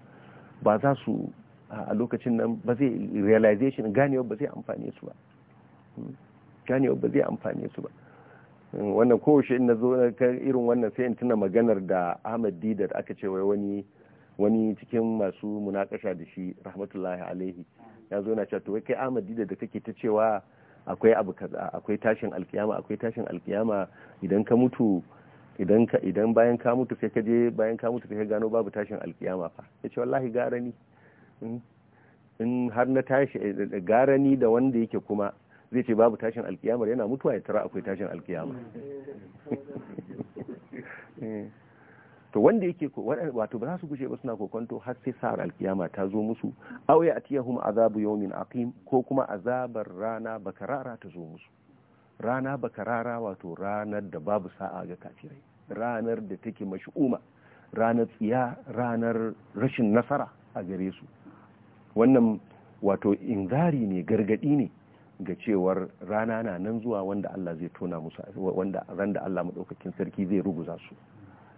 Speaker 1: ba za su a lokacin nan ba zai realization ganewa ba zai amfane su ba hmm? ganewar ba zai amfane su ba wannan kowace in na zo irin wannan sai in tuna maganar da ahmad didar aka ce wai wani wani cikin masu munakasha da shi rahmatullahi alaihi ya zo na cewa kai ahmad didar da kake ta cewa akwai abu kaza akwai tashin alkiyama akwai tashin alkiyama idan ka mutu idan ka idan bayan ka mutu sai ka je bayan ka mutu sai ka gano babu tashin alkiyama fa yace wallahi gara ni in har na tashi eh, eh, gara ni da wanda yake kuma zai ce babu tashin alkiyamar yana mutuwa ya tara akwai tashin alkiyamar to wanda yake wato ba za su gushe ba suna kokonto har sai sa'ar alkiyama ta zo musu aw ya atiyahum azabu yawmin aqim ko kuma azabar rana bakarara ta zo musu rana bakarara wato ranar da babu sa'a ga kafirai ranar da take mashu'uma ranar tsiya ranar rashin nasara a gare su wannan wato ingari ne gargadi ne ga cewar rana na nan zuwa wanda Allah zai tona musu wanda ran da Allah madaukakin sarki zai ruguza su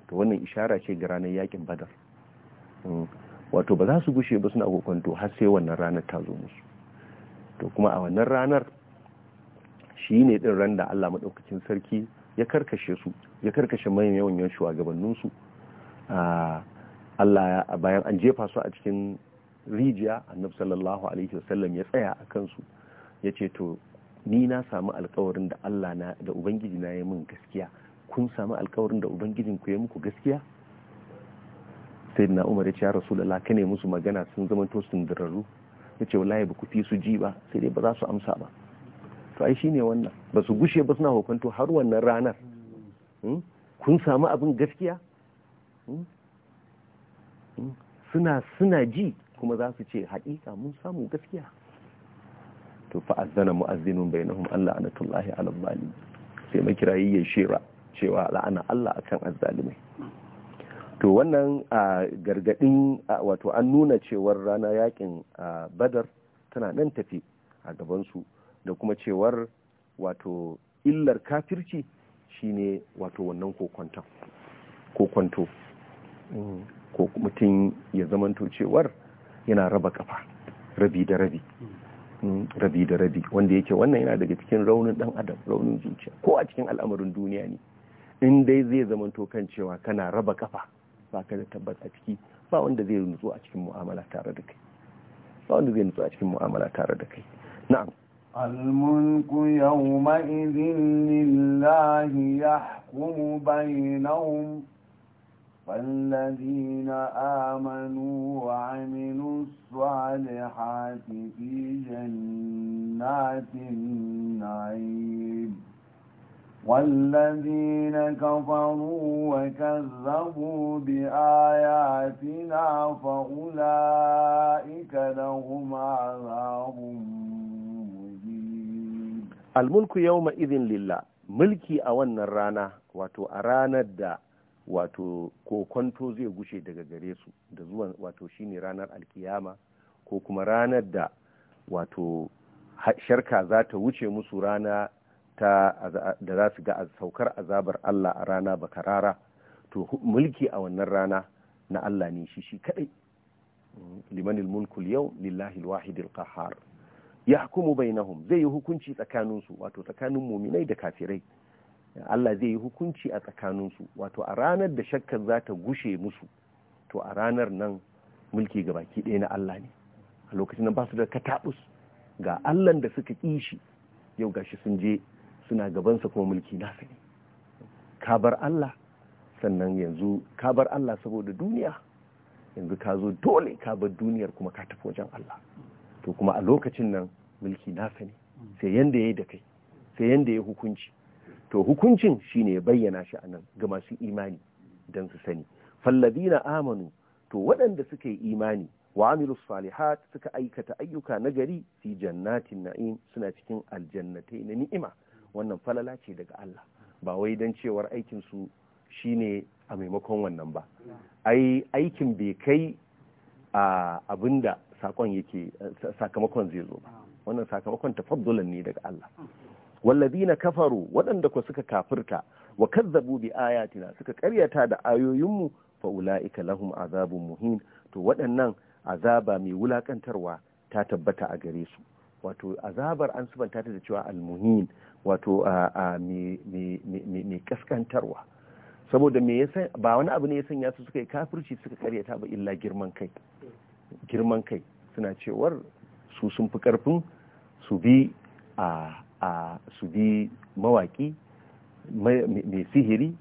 Speaker 1: to wannan ishara ce ga ranar yakin badar mm. wato ba za su gushe ba suna kokonto har sai wannan ranar ta zo musu to kuma a wannan ranar shi ne din ran da Allah madaukakin sarki ya karkashe su ya karkashe mai yawan shugabannin su Allah bayan an jefa su a cikin rijiya annabi sallallahu alaihi wasallam ya tsaya a kansu ya ce to ni na samu alkawarin da Allah na da Ubangiji na ya min gaskiya kun samu alkawarin da Ubangijin ku ya muku gaskiya sai na Umar ya ce ya Rasulullah kane musu magana sun zama to sun diraru ya ce wallahi ba ku fi su ji ba sai dai ba za su amsa ba to ai shine wannan ba su gushe ba suna hukunto har wannan ranar hmm? kun samu abin gaskiya hmm? Hmm? suna suna ji kuma za su ce haƙiƙa mun samu gaskiya to fa azana mu'azzinun bainahum Allah anatullahi ala zalim sai makirayi ya shira cewa la'ana Allah akan azzalimai to wannan a gargadin wato an nuna cewar rana yakin badar tana nan tafi a gabansu da kuma cewar wato illar kafirci shine wato wannan kokonto mm, ko mutum ya zamanto cewar yana raba kafa rabi da rabi rabi da rabi wanda yake wannan yana daga cikin raunin dan adam raunin zuciya ko a cikin al'amarin duniya ne in dai zai zama to kan cewa kana raba kafa ba ka da tabbas a ciki ba wanda zai nutsu a cikin mu'amala tare da kai ba wanda zai nutsu a cikin mu'amala tare da kai na'am
Speaker 2: الملك يومئذ لله يحكم بينهم فالذين آمنوا وعملوا الصالحات في جنات النعيم والذين كفروا وكذبوا بآياتنا فأولئك لهم عذاب
Speaker 1: مهين الملك يومئذ لله ملكي أولنا الرانا وتؤرانا الداء wato ko kwanto zai gushe daga gare su da zuwan wato shine ranar alkiyama ko kuma ranar da wato sharka za ta wuce musu rana ta da za su ga saukar azabar Allah a rana bakarara to mulki a wannan rana na Allah ne shi shi kadai mm, limanil mulkul yau lillahi alwahidil qahhar yahkumu bainahum zai yi hukunci tsakaninsu wato tsakanin muminai da kafirai Allah zai yi hukunci a tsakaninsu wato a ranar da shakkar za ta gushe musu to a ranar nan mulki ga baki ɗaya na Allah ne a lokacin nan ba su da kataɓus ga Allah da suka ƙi shi yau shi sun je suna gabansa kuma mulki nasu ne ka bar Allah sannan yanzu ka bar Allah saboda duniya yanzu ka zo dole ka bar duniyar kuma ka tafi wajen Allah to kuma a lokacin nan mulki nasa ne sai yanda ya yi da kai sai yanda ya hukunci to hukuncin shine ya bayyana shi anan ga masu imani dan su sani fallabina amanu to waɗanda suka yi imani wa amilus salihat suka aikata ayyuka na gari fi jannatin na'im suna cikin aljannatai na ni'ima wannan falala ce daga Allah ba wai don cewar aikin su shine a maimakon wannan ba ai aikin bai kai a abinda sakon yake sakamakon zai zo ba wannan sakamakon tafaddulan ne daga Allah na kafaru waɗanda ku suka kafirta wa kazzabu bi ayatina suka karyata da ayoyinmu fa ulaika lahum azabun muhin to waɗannan azaba mai wulakantarwa ta tabbata a gare su wato azabar an subanta ta da cewa almuhin wato mai kaskantarwa saboda me ba wani abu ne ya sanya su suka yi kafirci suka karyata ba illa girman kai girman kai suna cewar su sun fi karfin su bi a a su bi mawaki mai sihiri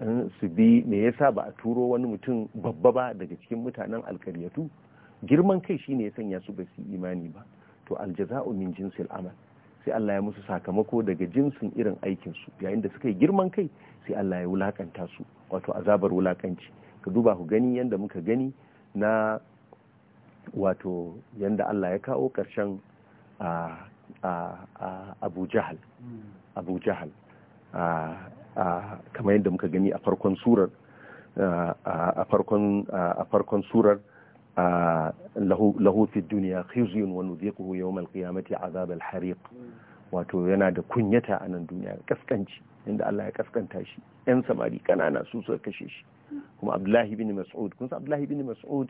Speaker 1: eh, su bi me yasa ba a turo wani mutum babba ba daga cikin mutanen alkaryatu girman kai shine ya sanya su ba su imani ba to aljaza'u min jinsil amal sai Allah ya musu sakamako daga jinsin irin aikin su yayin da suka yi girman kai sai Allah ya wulakanta su wato azabar wulakanci ka duba ku gani yanda muka gani na wato yanda Allah ya kawo ƙarshen a ah, abu jahal abu jahal kamar yadda muka gani a farkon surar a farkon surar lahu fi duniya khizyun wa nudhiquhu yawm al-qiyamati azab al-hariq wato yana da kunyata a nan duniya kaskanci inda Allah ya kaskanta shi yan samari kanana su suka kashe shi kuma Abdullahi bin Mas'ud kun san Abdullahi bin Mas'ud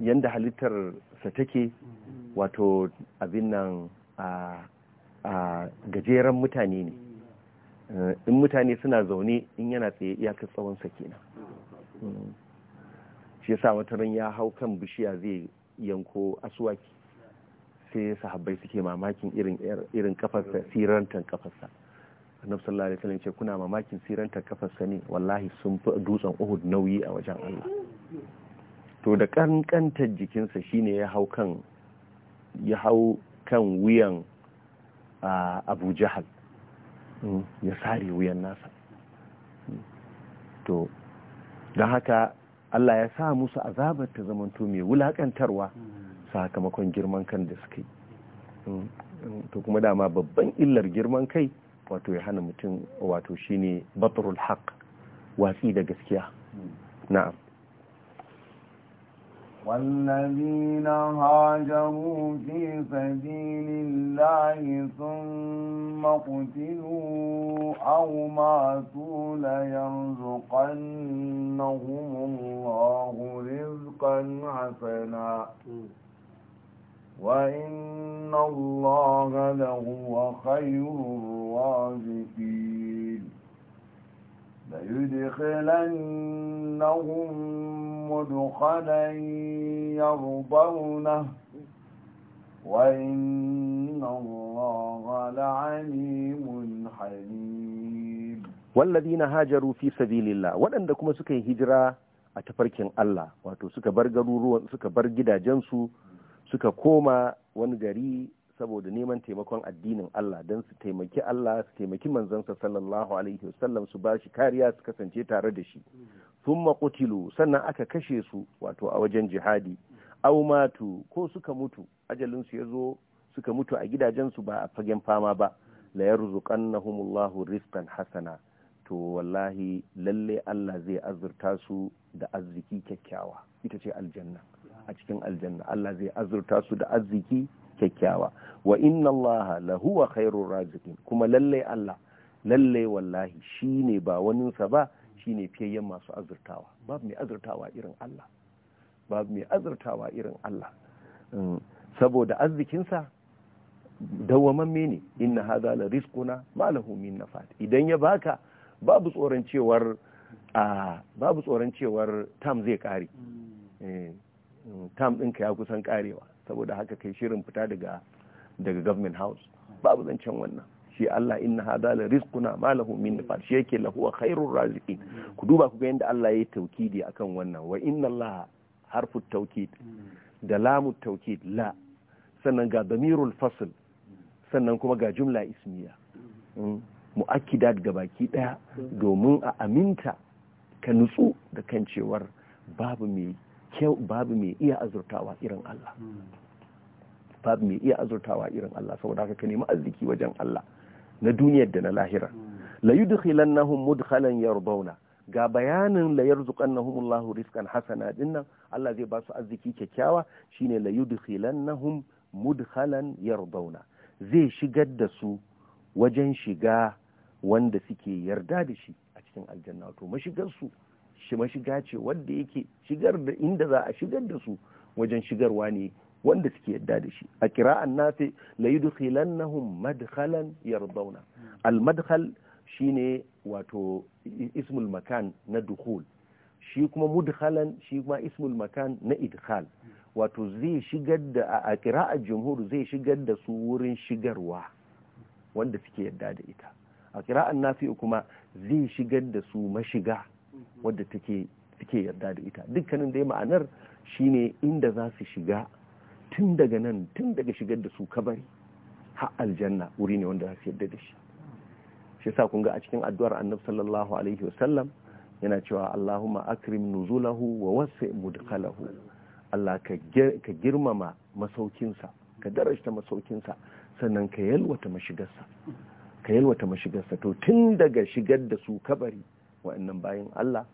Speaker 1: yanda halittar sa take wato abin nan a gajeren mutane ne eh, in mutane suna zaune in yana tsaye iyakan tsawonsa kenan hmm. shi yasa wata ran ya hau kan bishiya zai yanko asuwaki sai sahabbai suke mamakin irin kafarsa sirantar kafarsa annabi sallallahu alaihi wasallam ce kuna mamakin sirantar kafarsa ne wallahi sun fi dutsen Uhud nauyi a wajen Allah to da kankantar jikinsa shine ya hau kan ya hau kan wuyan abu jahal mm, ya sare wuyan nasa mm. to don haka allah ya sa musu azabar ta zamanto mai wulaƙantarwa sakamakon girman kan da suke mm, to kuma dama babban illar girman kai wato ya hana mutum wato shine batrul haq watsi da gaskiya na'am
Speaker 2: والذين هاجروا في سبيل الله ثم قتلوا أو ماتوا ليرزقنهم الله رزقا حسنا وإن الله لهو خير الرازقين ليدخلنهم مدخلا يرضونه وإن الله لعليم حليم
Speaker 1: والذين هاجروا في سبيل الله waɗanda kuma suka yi hijira a tafarkin Allah wato suka bar garuruwan suka bar gidajensu suka koma wani gari saboda neman taimakon addinin Allah don su taimaki Allah su taimaki manzansa sallallahu alaihi wasallam su ba shi kariya su kasance tare da shi sun kutilu sannan aka kashe su wato a wajen jihadi au matu ko suka mutu ajalinsu ya zo suka mutu a gidajensu ba a fagen fama ba la yarzuqannahumullahu rizqan hasana to wallahi lalle Allah zai azurta su da arziki kyakkyawa ita ce aljanna a cikin aljanna Allah zai azurta su da arziki kyakkyawa wa inna allaha wa khairur raziqin kuma lalle Allah lalle wallahi shine ba waninsa ba shine fiyayyen masu azurtawa babu mai azurtawa irin Allah babu mai azurtawa irin Allah mm, saboda arzikinsa dawwamamme ne inna hadha la rizquna ma lahu min nafat idan ya baka babu tsoron cewar babu tsoron cewar tam zai kare mm. eh, mm, tam ɗinka ya kusan karewa saboda haka kai shirin fita daga daga government house babu zancen wannan shi Allah inna hada la rizquna ma lahu min nifad yake lahu khairur raziqin ku duba ku ga yanda Allah ya taukidi akan wannan wa inna Allah harfu taukid da lamu taukid la sannan ga damirul fasl sannan kuma ga jumla ismiya mm. mu'akkidat baki daya domin a aminta ka nutsu da kan cewar babu mai kyau babu mai iya azurtawa irin Allah babu mai iya azurtawa irin Allah saboda haka ka nemi arziki wajen Allah na duniyar da na lahira la yudkhilannahum mudkhalan yardawna ga bayanin la yarzuqannahumullahu rizqan hasana dinnan Allah zai ba su arziki kyakkyawa shine la yudkhilannahum mudkhalan yardawna zai shigar da su wajen shiga wanda suke yarda da shi a cikin aljanna to mashigar su shi mashiga ce wanda yake shigar da inda za a shigar da su wajen shigarwa ne wanda suke yadda da shi a kira'an nafi la hun madhalan yardawna al shi shine wato ismul makan na dukul shi kuma mudhalan shi kuma ismul makan na idhal wato zai shigar da a a jumhur zai shigar da su wurin shigarwa wanda suke yadda da ita a an nafe kuma zai shigar da su mashiga wadda take yarda da ita dukkanin dai ma'anar shine inda za su shiga tun daga nan tun daga shigar da su kabari har aljanna wuri ne wanda za su yarda da shi shi sa kun ga a cikin addu'ar annabi sallallahu alaihi wasallam yana cewa Allahumma akrim nuzulahu wa wasu mudkhalahu Allah ka girmama masaukinsa ka darashta masaukinsa sannan ka yalwata mashigarsa ka yalwata mashigarsa to tun daga shigar da su kabari waɗannan bayan Allah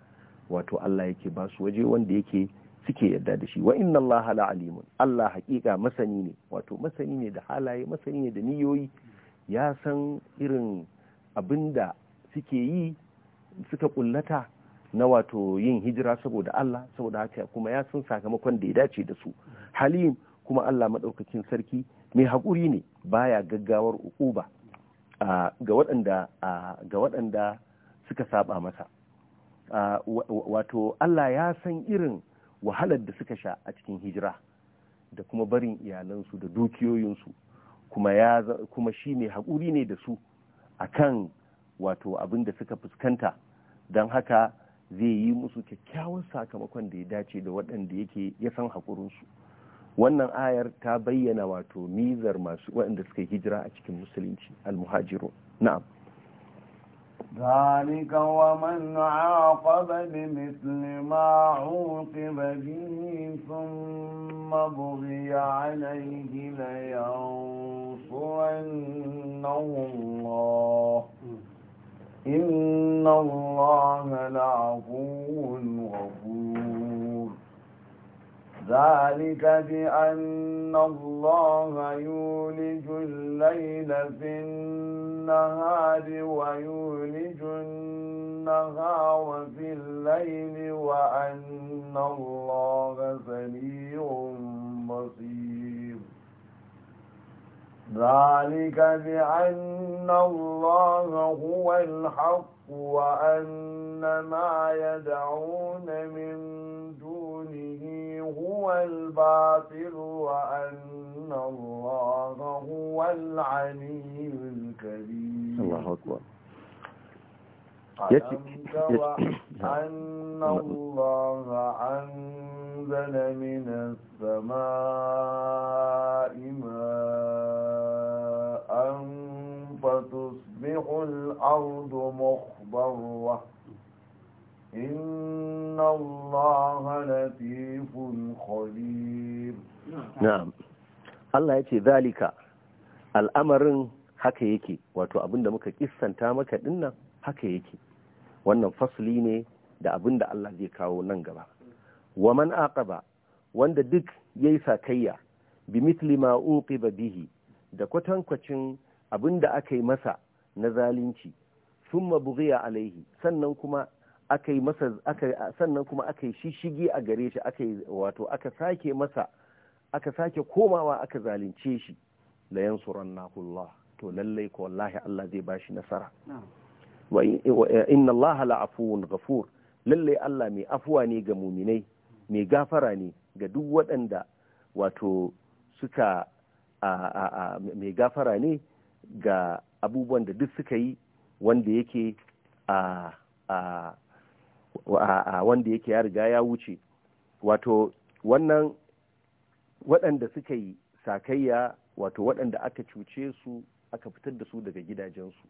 Speaker 1: wato Allah yake ba su waje wanda yake suke yadda da shi wa Allah la alimun Allah hakika masani ne wato masani ne da halaye masani ne da niyoyi ya san irin abinda suke yi suka kullata na wato yin hijira saboda Allah saboda haka kuma ya san sakamakon da ya dace da su halim kuma Allah madaukakin sarki mai haƙuri ne baya gaggawar uku ga ga waɗanda suka saba masa wato Allah ya san irin wahalar da suka sha a cikin hijira da kuma barin iyalansu da dukiyoyinsu kuma ya kuma shi ne haƙuri ne da su akan wato abin da suka fuskanta don haka zai yi musu kyakkyawar sakamakon da ya dace da waɗanda yake ya san haƙurinsu wannan ayar ta bayyana wato mizar masu waɗanda suka hijira a cikin musulunci almuhajiru na'am
Speaker 2: ذلك ومن عاقب بمثل ما عوقب به ثم بغي عليه لينصرنه الله إن الله لعفو غفور ذلك بأن الله يولج الليل في النهار ويولج النهار في الليل وأن الله سميع بصير ذلك بأن الله هو الحق وأن ما يدعون من دونه هو الباطل وأن الله هو العلي الكبير الله أكبر أن نعم. الله أنزل من السماء ماء فتصبح الأرض مخضرة إن الله لطيف خبير نعم
Speaker 1: الله يتي ذلك al'amarin haka yake wato abin da muka kissanta maka dinnan haka yake wannan fasli ne da abin da Allah zai kawo nan gaba wa man aqaba wanda duk yayi sakayya bi mithli ma uqiba bihi da kwatankwacin abin da aka yi masa na zalunci thumma bughiya alaihi sannan kuma aka yi masa aka sannan kuma aka yi shishigi a gare shi aka yi wato aka sake masa aka sake komawa aka zalunce shi la yansurannahullah to lallai ko wallahi Allah zai bashi nasara wa inna Allah la'afuwun ghafur lallai Allah mai afuwa ne ga muminai mai gafara ne ga duk waɗanda wato suka mai gafara ne ga abubuwan da duk suka yi wanda yake a wanda yake ya riga ya wuce wato wannan waɗanda suka yi sakayya wato waɗanda aka cuce su aka fitar da su daga gidajensu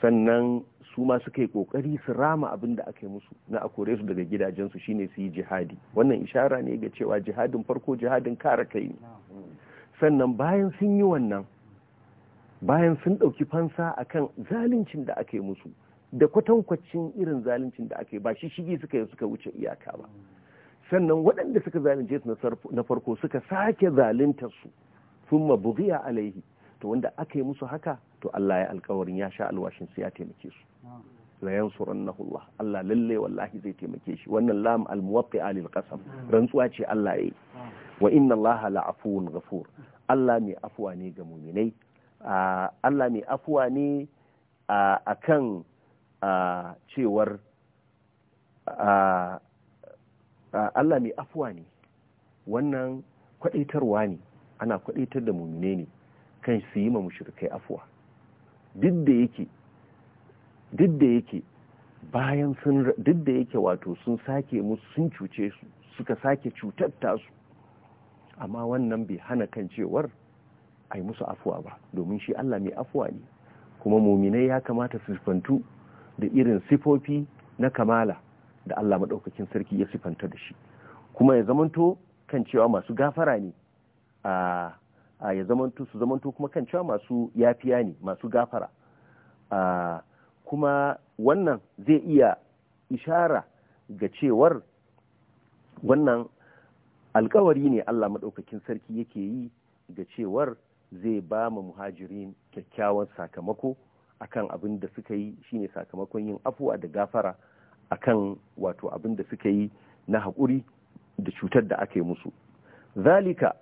Speaker 1: sannan su ma suka yi kokari su rama abin da aka yi musu na a kore su daga gidajensu shine su yi jihadi wannan ishara ne ga cewa jihadin farko jihadin kara kai ne sannan bayan sun yi wannan bayan sun ɗauki fansa akan zaluncin da aka yi musu da kwatankwacin irin zaluncin da aka yi ba shi shigi suka yi suka wuce iyaka ba sannan waɗanda suka zalunce su na farko suka sake zaluntar su sun mabugiya alaihi to wanda aka yi musu haka to Allah ya alkawarin ya sha alwashin su ya taimake su la yansurannahu Allah Allah lalle wallahi zai taimake shi wannan lam almuwaqqi'a lil qasam rantsuwa ce Allah yayi wa inna Allah la'afuwun ghafur Allah mai afuwa ne ga muminai ah, Allah mai afuwa ne ah, akan a cewar Allah mai afuwa ne wannan kwaɗaitarwa ne ana kwaɗaitar da mummune ne kan su yi ma mushrikai afuwa duk da yake bayan sun duk da yake wato sun sake musu sun cuce su suka sake cutar su amma wannan bai hana kan cewar a yi musu afuwa ba domin shi Allah mai afuwa ne kuma muminai ya kamata su fantu da irin sifofi na kamala da Allah maɗaukakin sarki ya sifanta da shi kuma ya zamanto kan cewa masu gafara ne a ya zamanto su zamanto kuma kan cewa masu yafiya ne masu gafara kuma wannan zai iya ishara ga cewar wannan alkawari ne Allah maɗaukakin sarki yake yi ga cewar zai ba mu muhajirin kyakkyawan sakamako akan abin da suka yi shine sakamakon yin afuwa da gafara akan wato abin da suka yi na haƙuri da cutar da aka yi musu zalika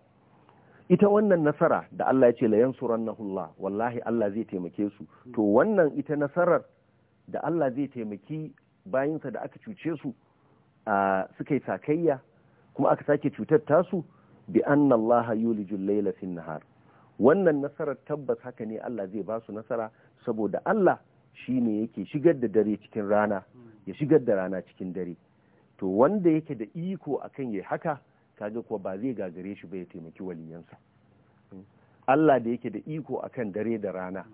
Speaker 1: ita wannan nasara da Allah ya ce la yansurannahullah wallahi Allah zai taimake su to wannan ita nasarar da Allah zai taimaki bayinsa da aka cuce su suka yi sakayya kuma aka sake cutar tasu bi anna Allah yuliju layla fin nahar wannan nasarar tabbas haka ne Allah zai ba su nasara saboda Allah shi ne yake shigar da dare cikin rana ya shigar da rana cikin dare to wanda yake da iko akan ya haka kaga kuwa ba zai gagare shi ba ya taimaki waliyansa Allah da yake da iko akan dare da rana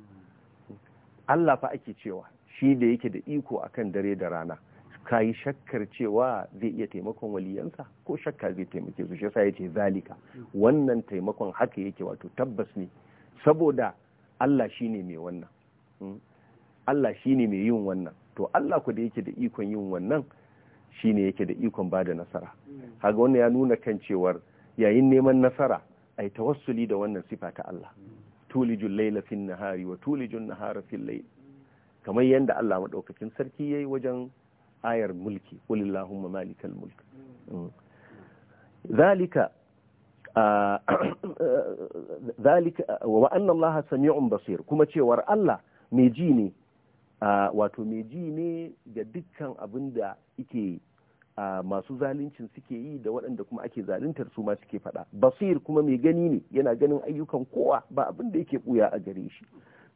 Speaker 1: Allah fa ake cewa shi da yake da iko akan dare da rana ka yi shakkar cewa zai iya taimakon waliyansa ko shakka zai taimake su shi yasa yace zalika wannan taimakon haka yake wato tabbas ne saboda Allah shi ne mai wannan Hmm? Allah shi ne mai yin wannan to Allah ku da yake da ikon yin wannan shi ne yake da ikon ba da nasara haga wannan ya nuna kan cewar yayin neman nasara a yi tawassuli da wannan sifa ta Allah tulijin lailafin fin nahari wa tulijun nahara fil laila. kamar yadda Allah madaukakin sarki ya yi wajen ayar mulki qulillahumma malikal mulk hmm. zalika zalika wa anna sami'un basir kuma cewar Allah mai ji ne wato mai ji ne ga dukkan abin da ike masu zaluncin suke yi da waɗanda kuma ake zaluntar su ma suke faɗa basir kuma mai gani ne yana ganin ayyukan kowa ba abin da yake buya a gare shi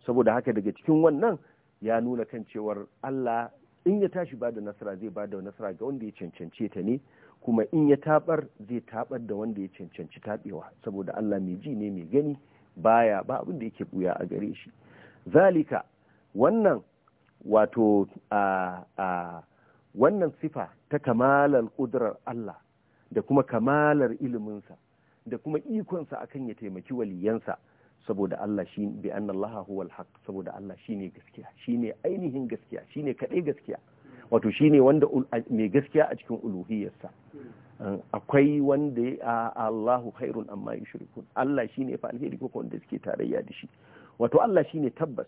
Speaker 1: saboda haka daga cikin wannan ya nuna kan cewar Allah in ya tashi ba da nasara zai ba da nasara ga wanda ya cancance ta ne kuma in ya tabar zai tabar da wanda ya cancanci tabewa saboda Allah mai ji ne mai gani baya ba abin da yake buya a gare shi zalika wannan wato a a wannan sifa ta kamalar ƙudurar Allah da kuma kamalar iliminsa da kuma ikonsa akan ya taimaki waliyansa saboda Allah shi bi anna Allah huwa alhaq saboda Allah shine gaskiya shine ainihin gaskiya shine kadai gaskiya wato shine wanda mai gaskiya a cikin uluhiyarsa akwai wanda Allahu khairun amma yushrikun Allah shine fa alheri ko wanda suke tarayya da shi wato Allah shine tabbas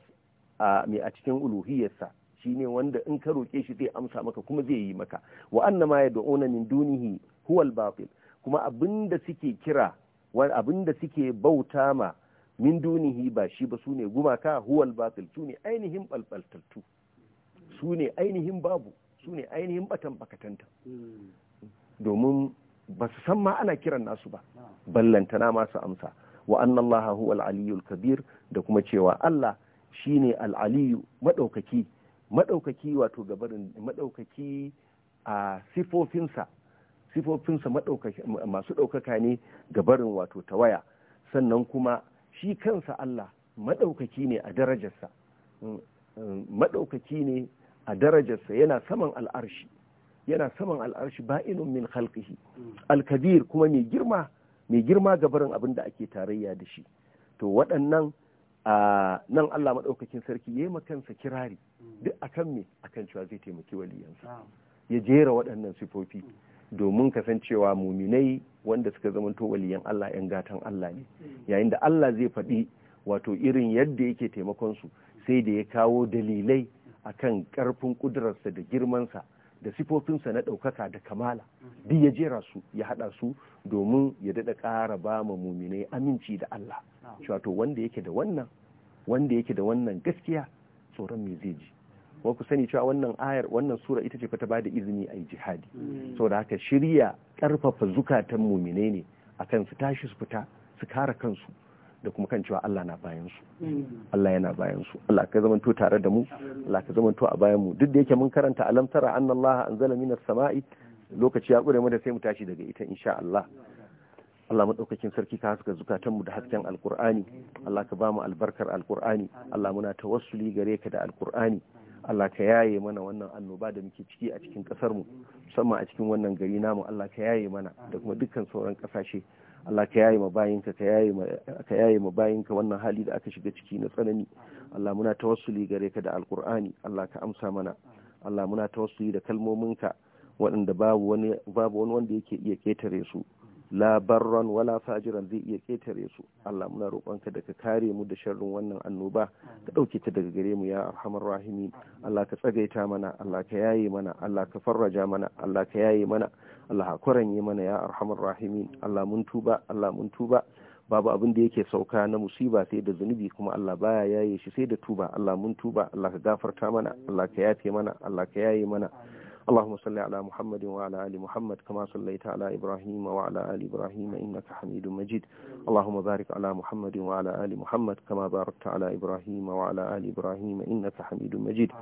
Speaker 1: a mai a cikin uluhiyarsa shine wanda in ka roƙe shi zai amsa maka kuma zai yi maka wa annama yad'una min dunihi huwal batil kuma abinda suke kira wani abinda suke bauta ma min dunihi ba shi ba sune gumaka huwal al-batil sune ainihin balbaltattu sune ainihin babu sune ainihin batan bakatanta hmm. domin ba su san ma ana kiran nasu ba ballantana ma su amsa wa huwal Allah huwa al kabir da kuma cewa Allah shine al-aliyyu madaukaki madaukaki wato gabarin madaukaki a sifofinsa sifofinsa masu ɗaukaka ne gabarin wato tawaya sannan kuma shi kansa Allah madaukaki ne a darajarsa mm, mm, Madaukaki ne a darajarsa yana saman al'arshi yana saman al'arshi ba'inun min khalqihi mm. al-kabir kuma mai girma mai girma gabarin barin abin da ake tarayya da shi to waɗannan nan Allah maɗaukakin sarki ya yi kansa kirari duk akan me kan cewa zai taimaki waliyansa ya jera waɗannan sifofi domin kasancewa muminai wanda suka zamanto waliyan Allah yan gatan Allah ne yayin da Allah zai faɗi wato irin yadda yake taimakon su sai da ya kawo dalilai akan ƙarfin ƙudurarsa da girmansa da sifofinsa na ɗaukaka da kamala duk ya jera su ya haɗa su domin ya daɗa ƙara ba ma muminai aminci da Allah cewa to wanda yake da wannan wanda yake da wannan gaskiya tsoron me zai ji wa ku sani cewa wannan ayar wannan sura ita ce fa ta ba da izini a yi jihadi hmm. saboda haka shirya karfafa zukatan muminai ne akan su tashi su fita su kare kansu da kuma kan cewa Allah na bayan su hmm. Allah yana bayan su Allah ka zamanto tare da mu Allah ka zamanto a bayan mu duk da yake mun karanta alam tara annallaha anzala minas sama'i lokaci ya kure mu da sai mu tashi daga ita insha Allah Allah maɗaukakin sarki ka haska zukatanmu da hasken alkur'ani Allah ka ba mu albarkar alkur'ani Allah muna tawassuli gare ka da alkur'ani Allah ka yaye mana wannan annoba da muke ciki a cikin mu musamman a cikin wannan gari namu Allah ka yaye mana da kuma dukkan sauran kasashe. Allah ka yayi mabayinka ka yayi ka yayi mabayinka wannan hali da aka shiga ciki na tsanani Allah muna tawassuli gare ka da alkur'ani Allah ka amsa mana Allah muna tawassuli da kalmominka waɗanda babu wani babu wani wanda yake iya ketare su la barran wala fajiran zai iya ketare su Allah muna roƙonka da ka kare mu da sharrin wannan annoba ka ɗauke ta daga gare mu ya arhamar rahimin Allah ka tsagaita mana Allah ka yaye mana Allah ka farraja mana Allah ka yaye mana Allah kwaranye mana ya arhamar rahimin Allah mun tuba Allah mun tuba babu abin da yake sauka na musiba sai da zunubi kuma Allah baya yaye shi sai da tuba Allah mun tuba Allah ka gafarta mana Allah ka yafe mana Allah ka yaye mana اللهم صل على محمد وعلى آل محمد كما صليت على إبراهيم وعلى آل إبراهيم إنك حميد مجيد اللهم بارك على محمد وعلى آل محمد كما باركت على إبراهيم وعلى آل إبراهيم إنك حميد مجيد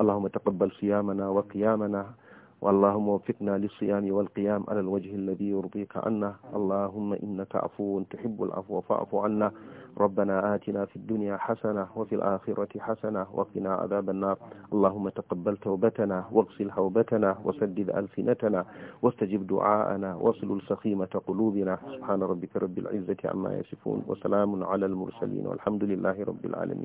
Speaker 1: اللهم تقبل صيامنا وقيامنا واللهم وفقنا للصيام والقيام على الوجه الذي يرضيك عنا اللهم إنك عفو تحب العفو فاعف عنا ربنا آتنا في الدنيا حسنة وفي الآخرة حسنة وقنا عذاب النار اللهم تقبل توبتنا واغسل هوبتنا وسدد ألسنتنا واستجب دعاءنا واصل سخيمة قلوبنا سبحان ربك رب العزة عما يصفون وسلام على المرسلين والحمد لله رب العالمين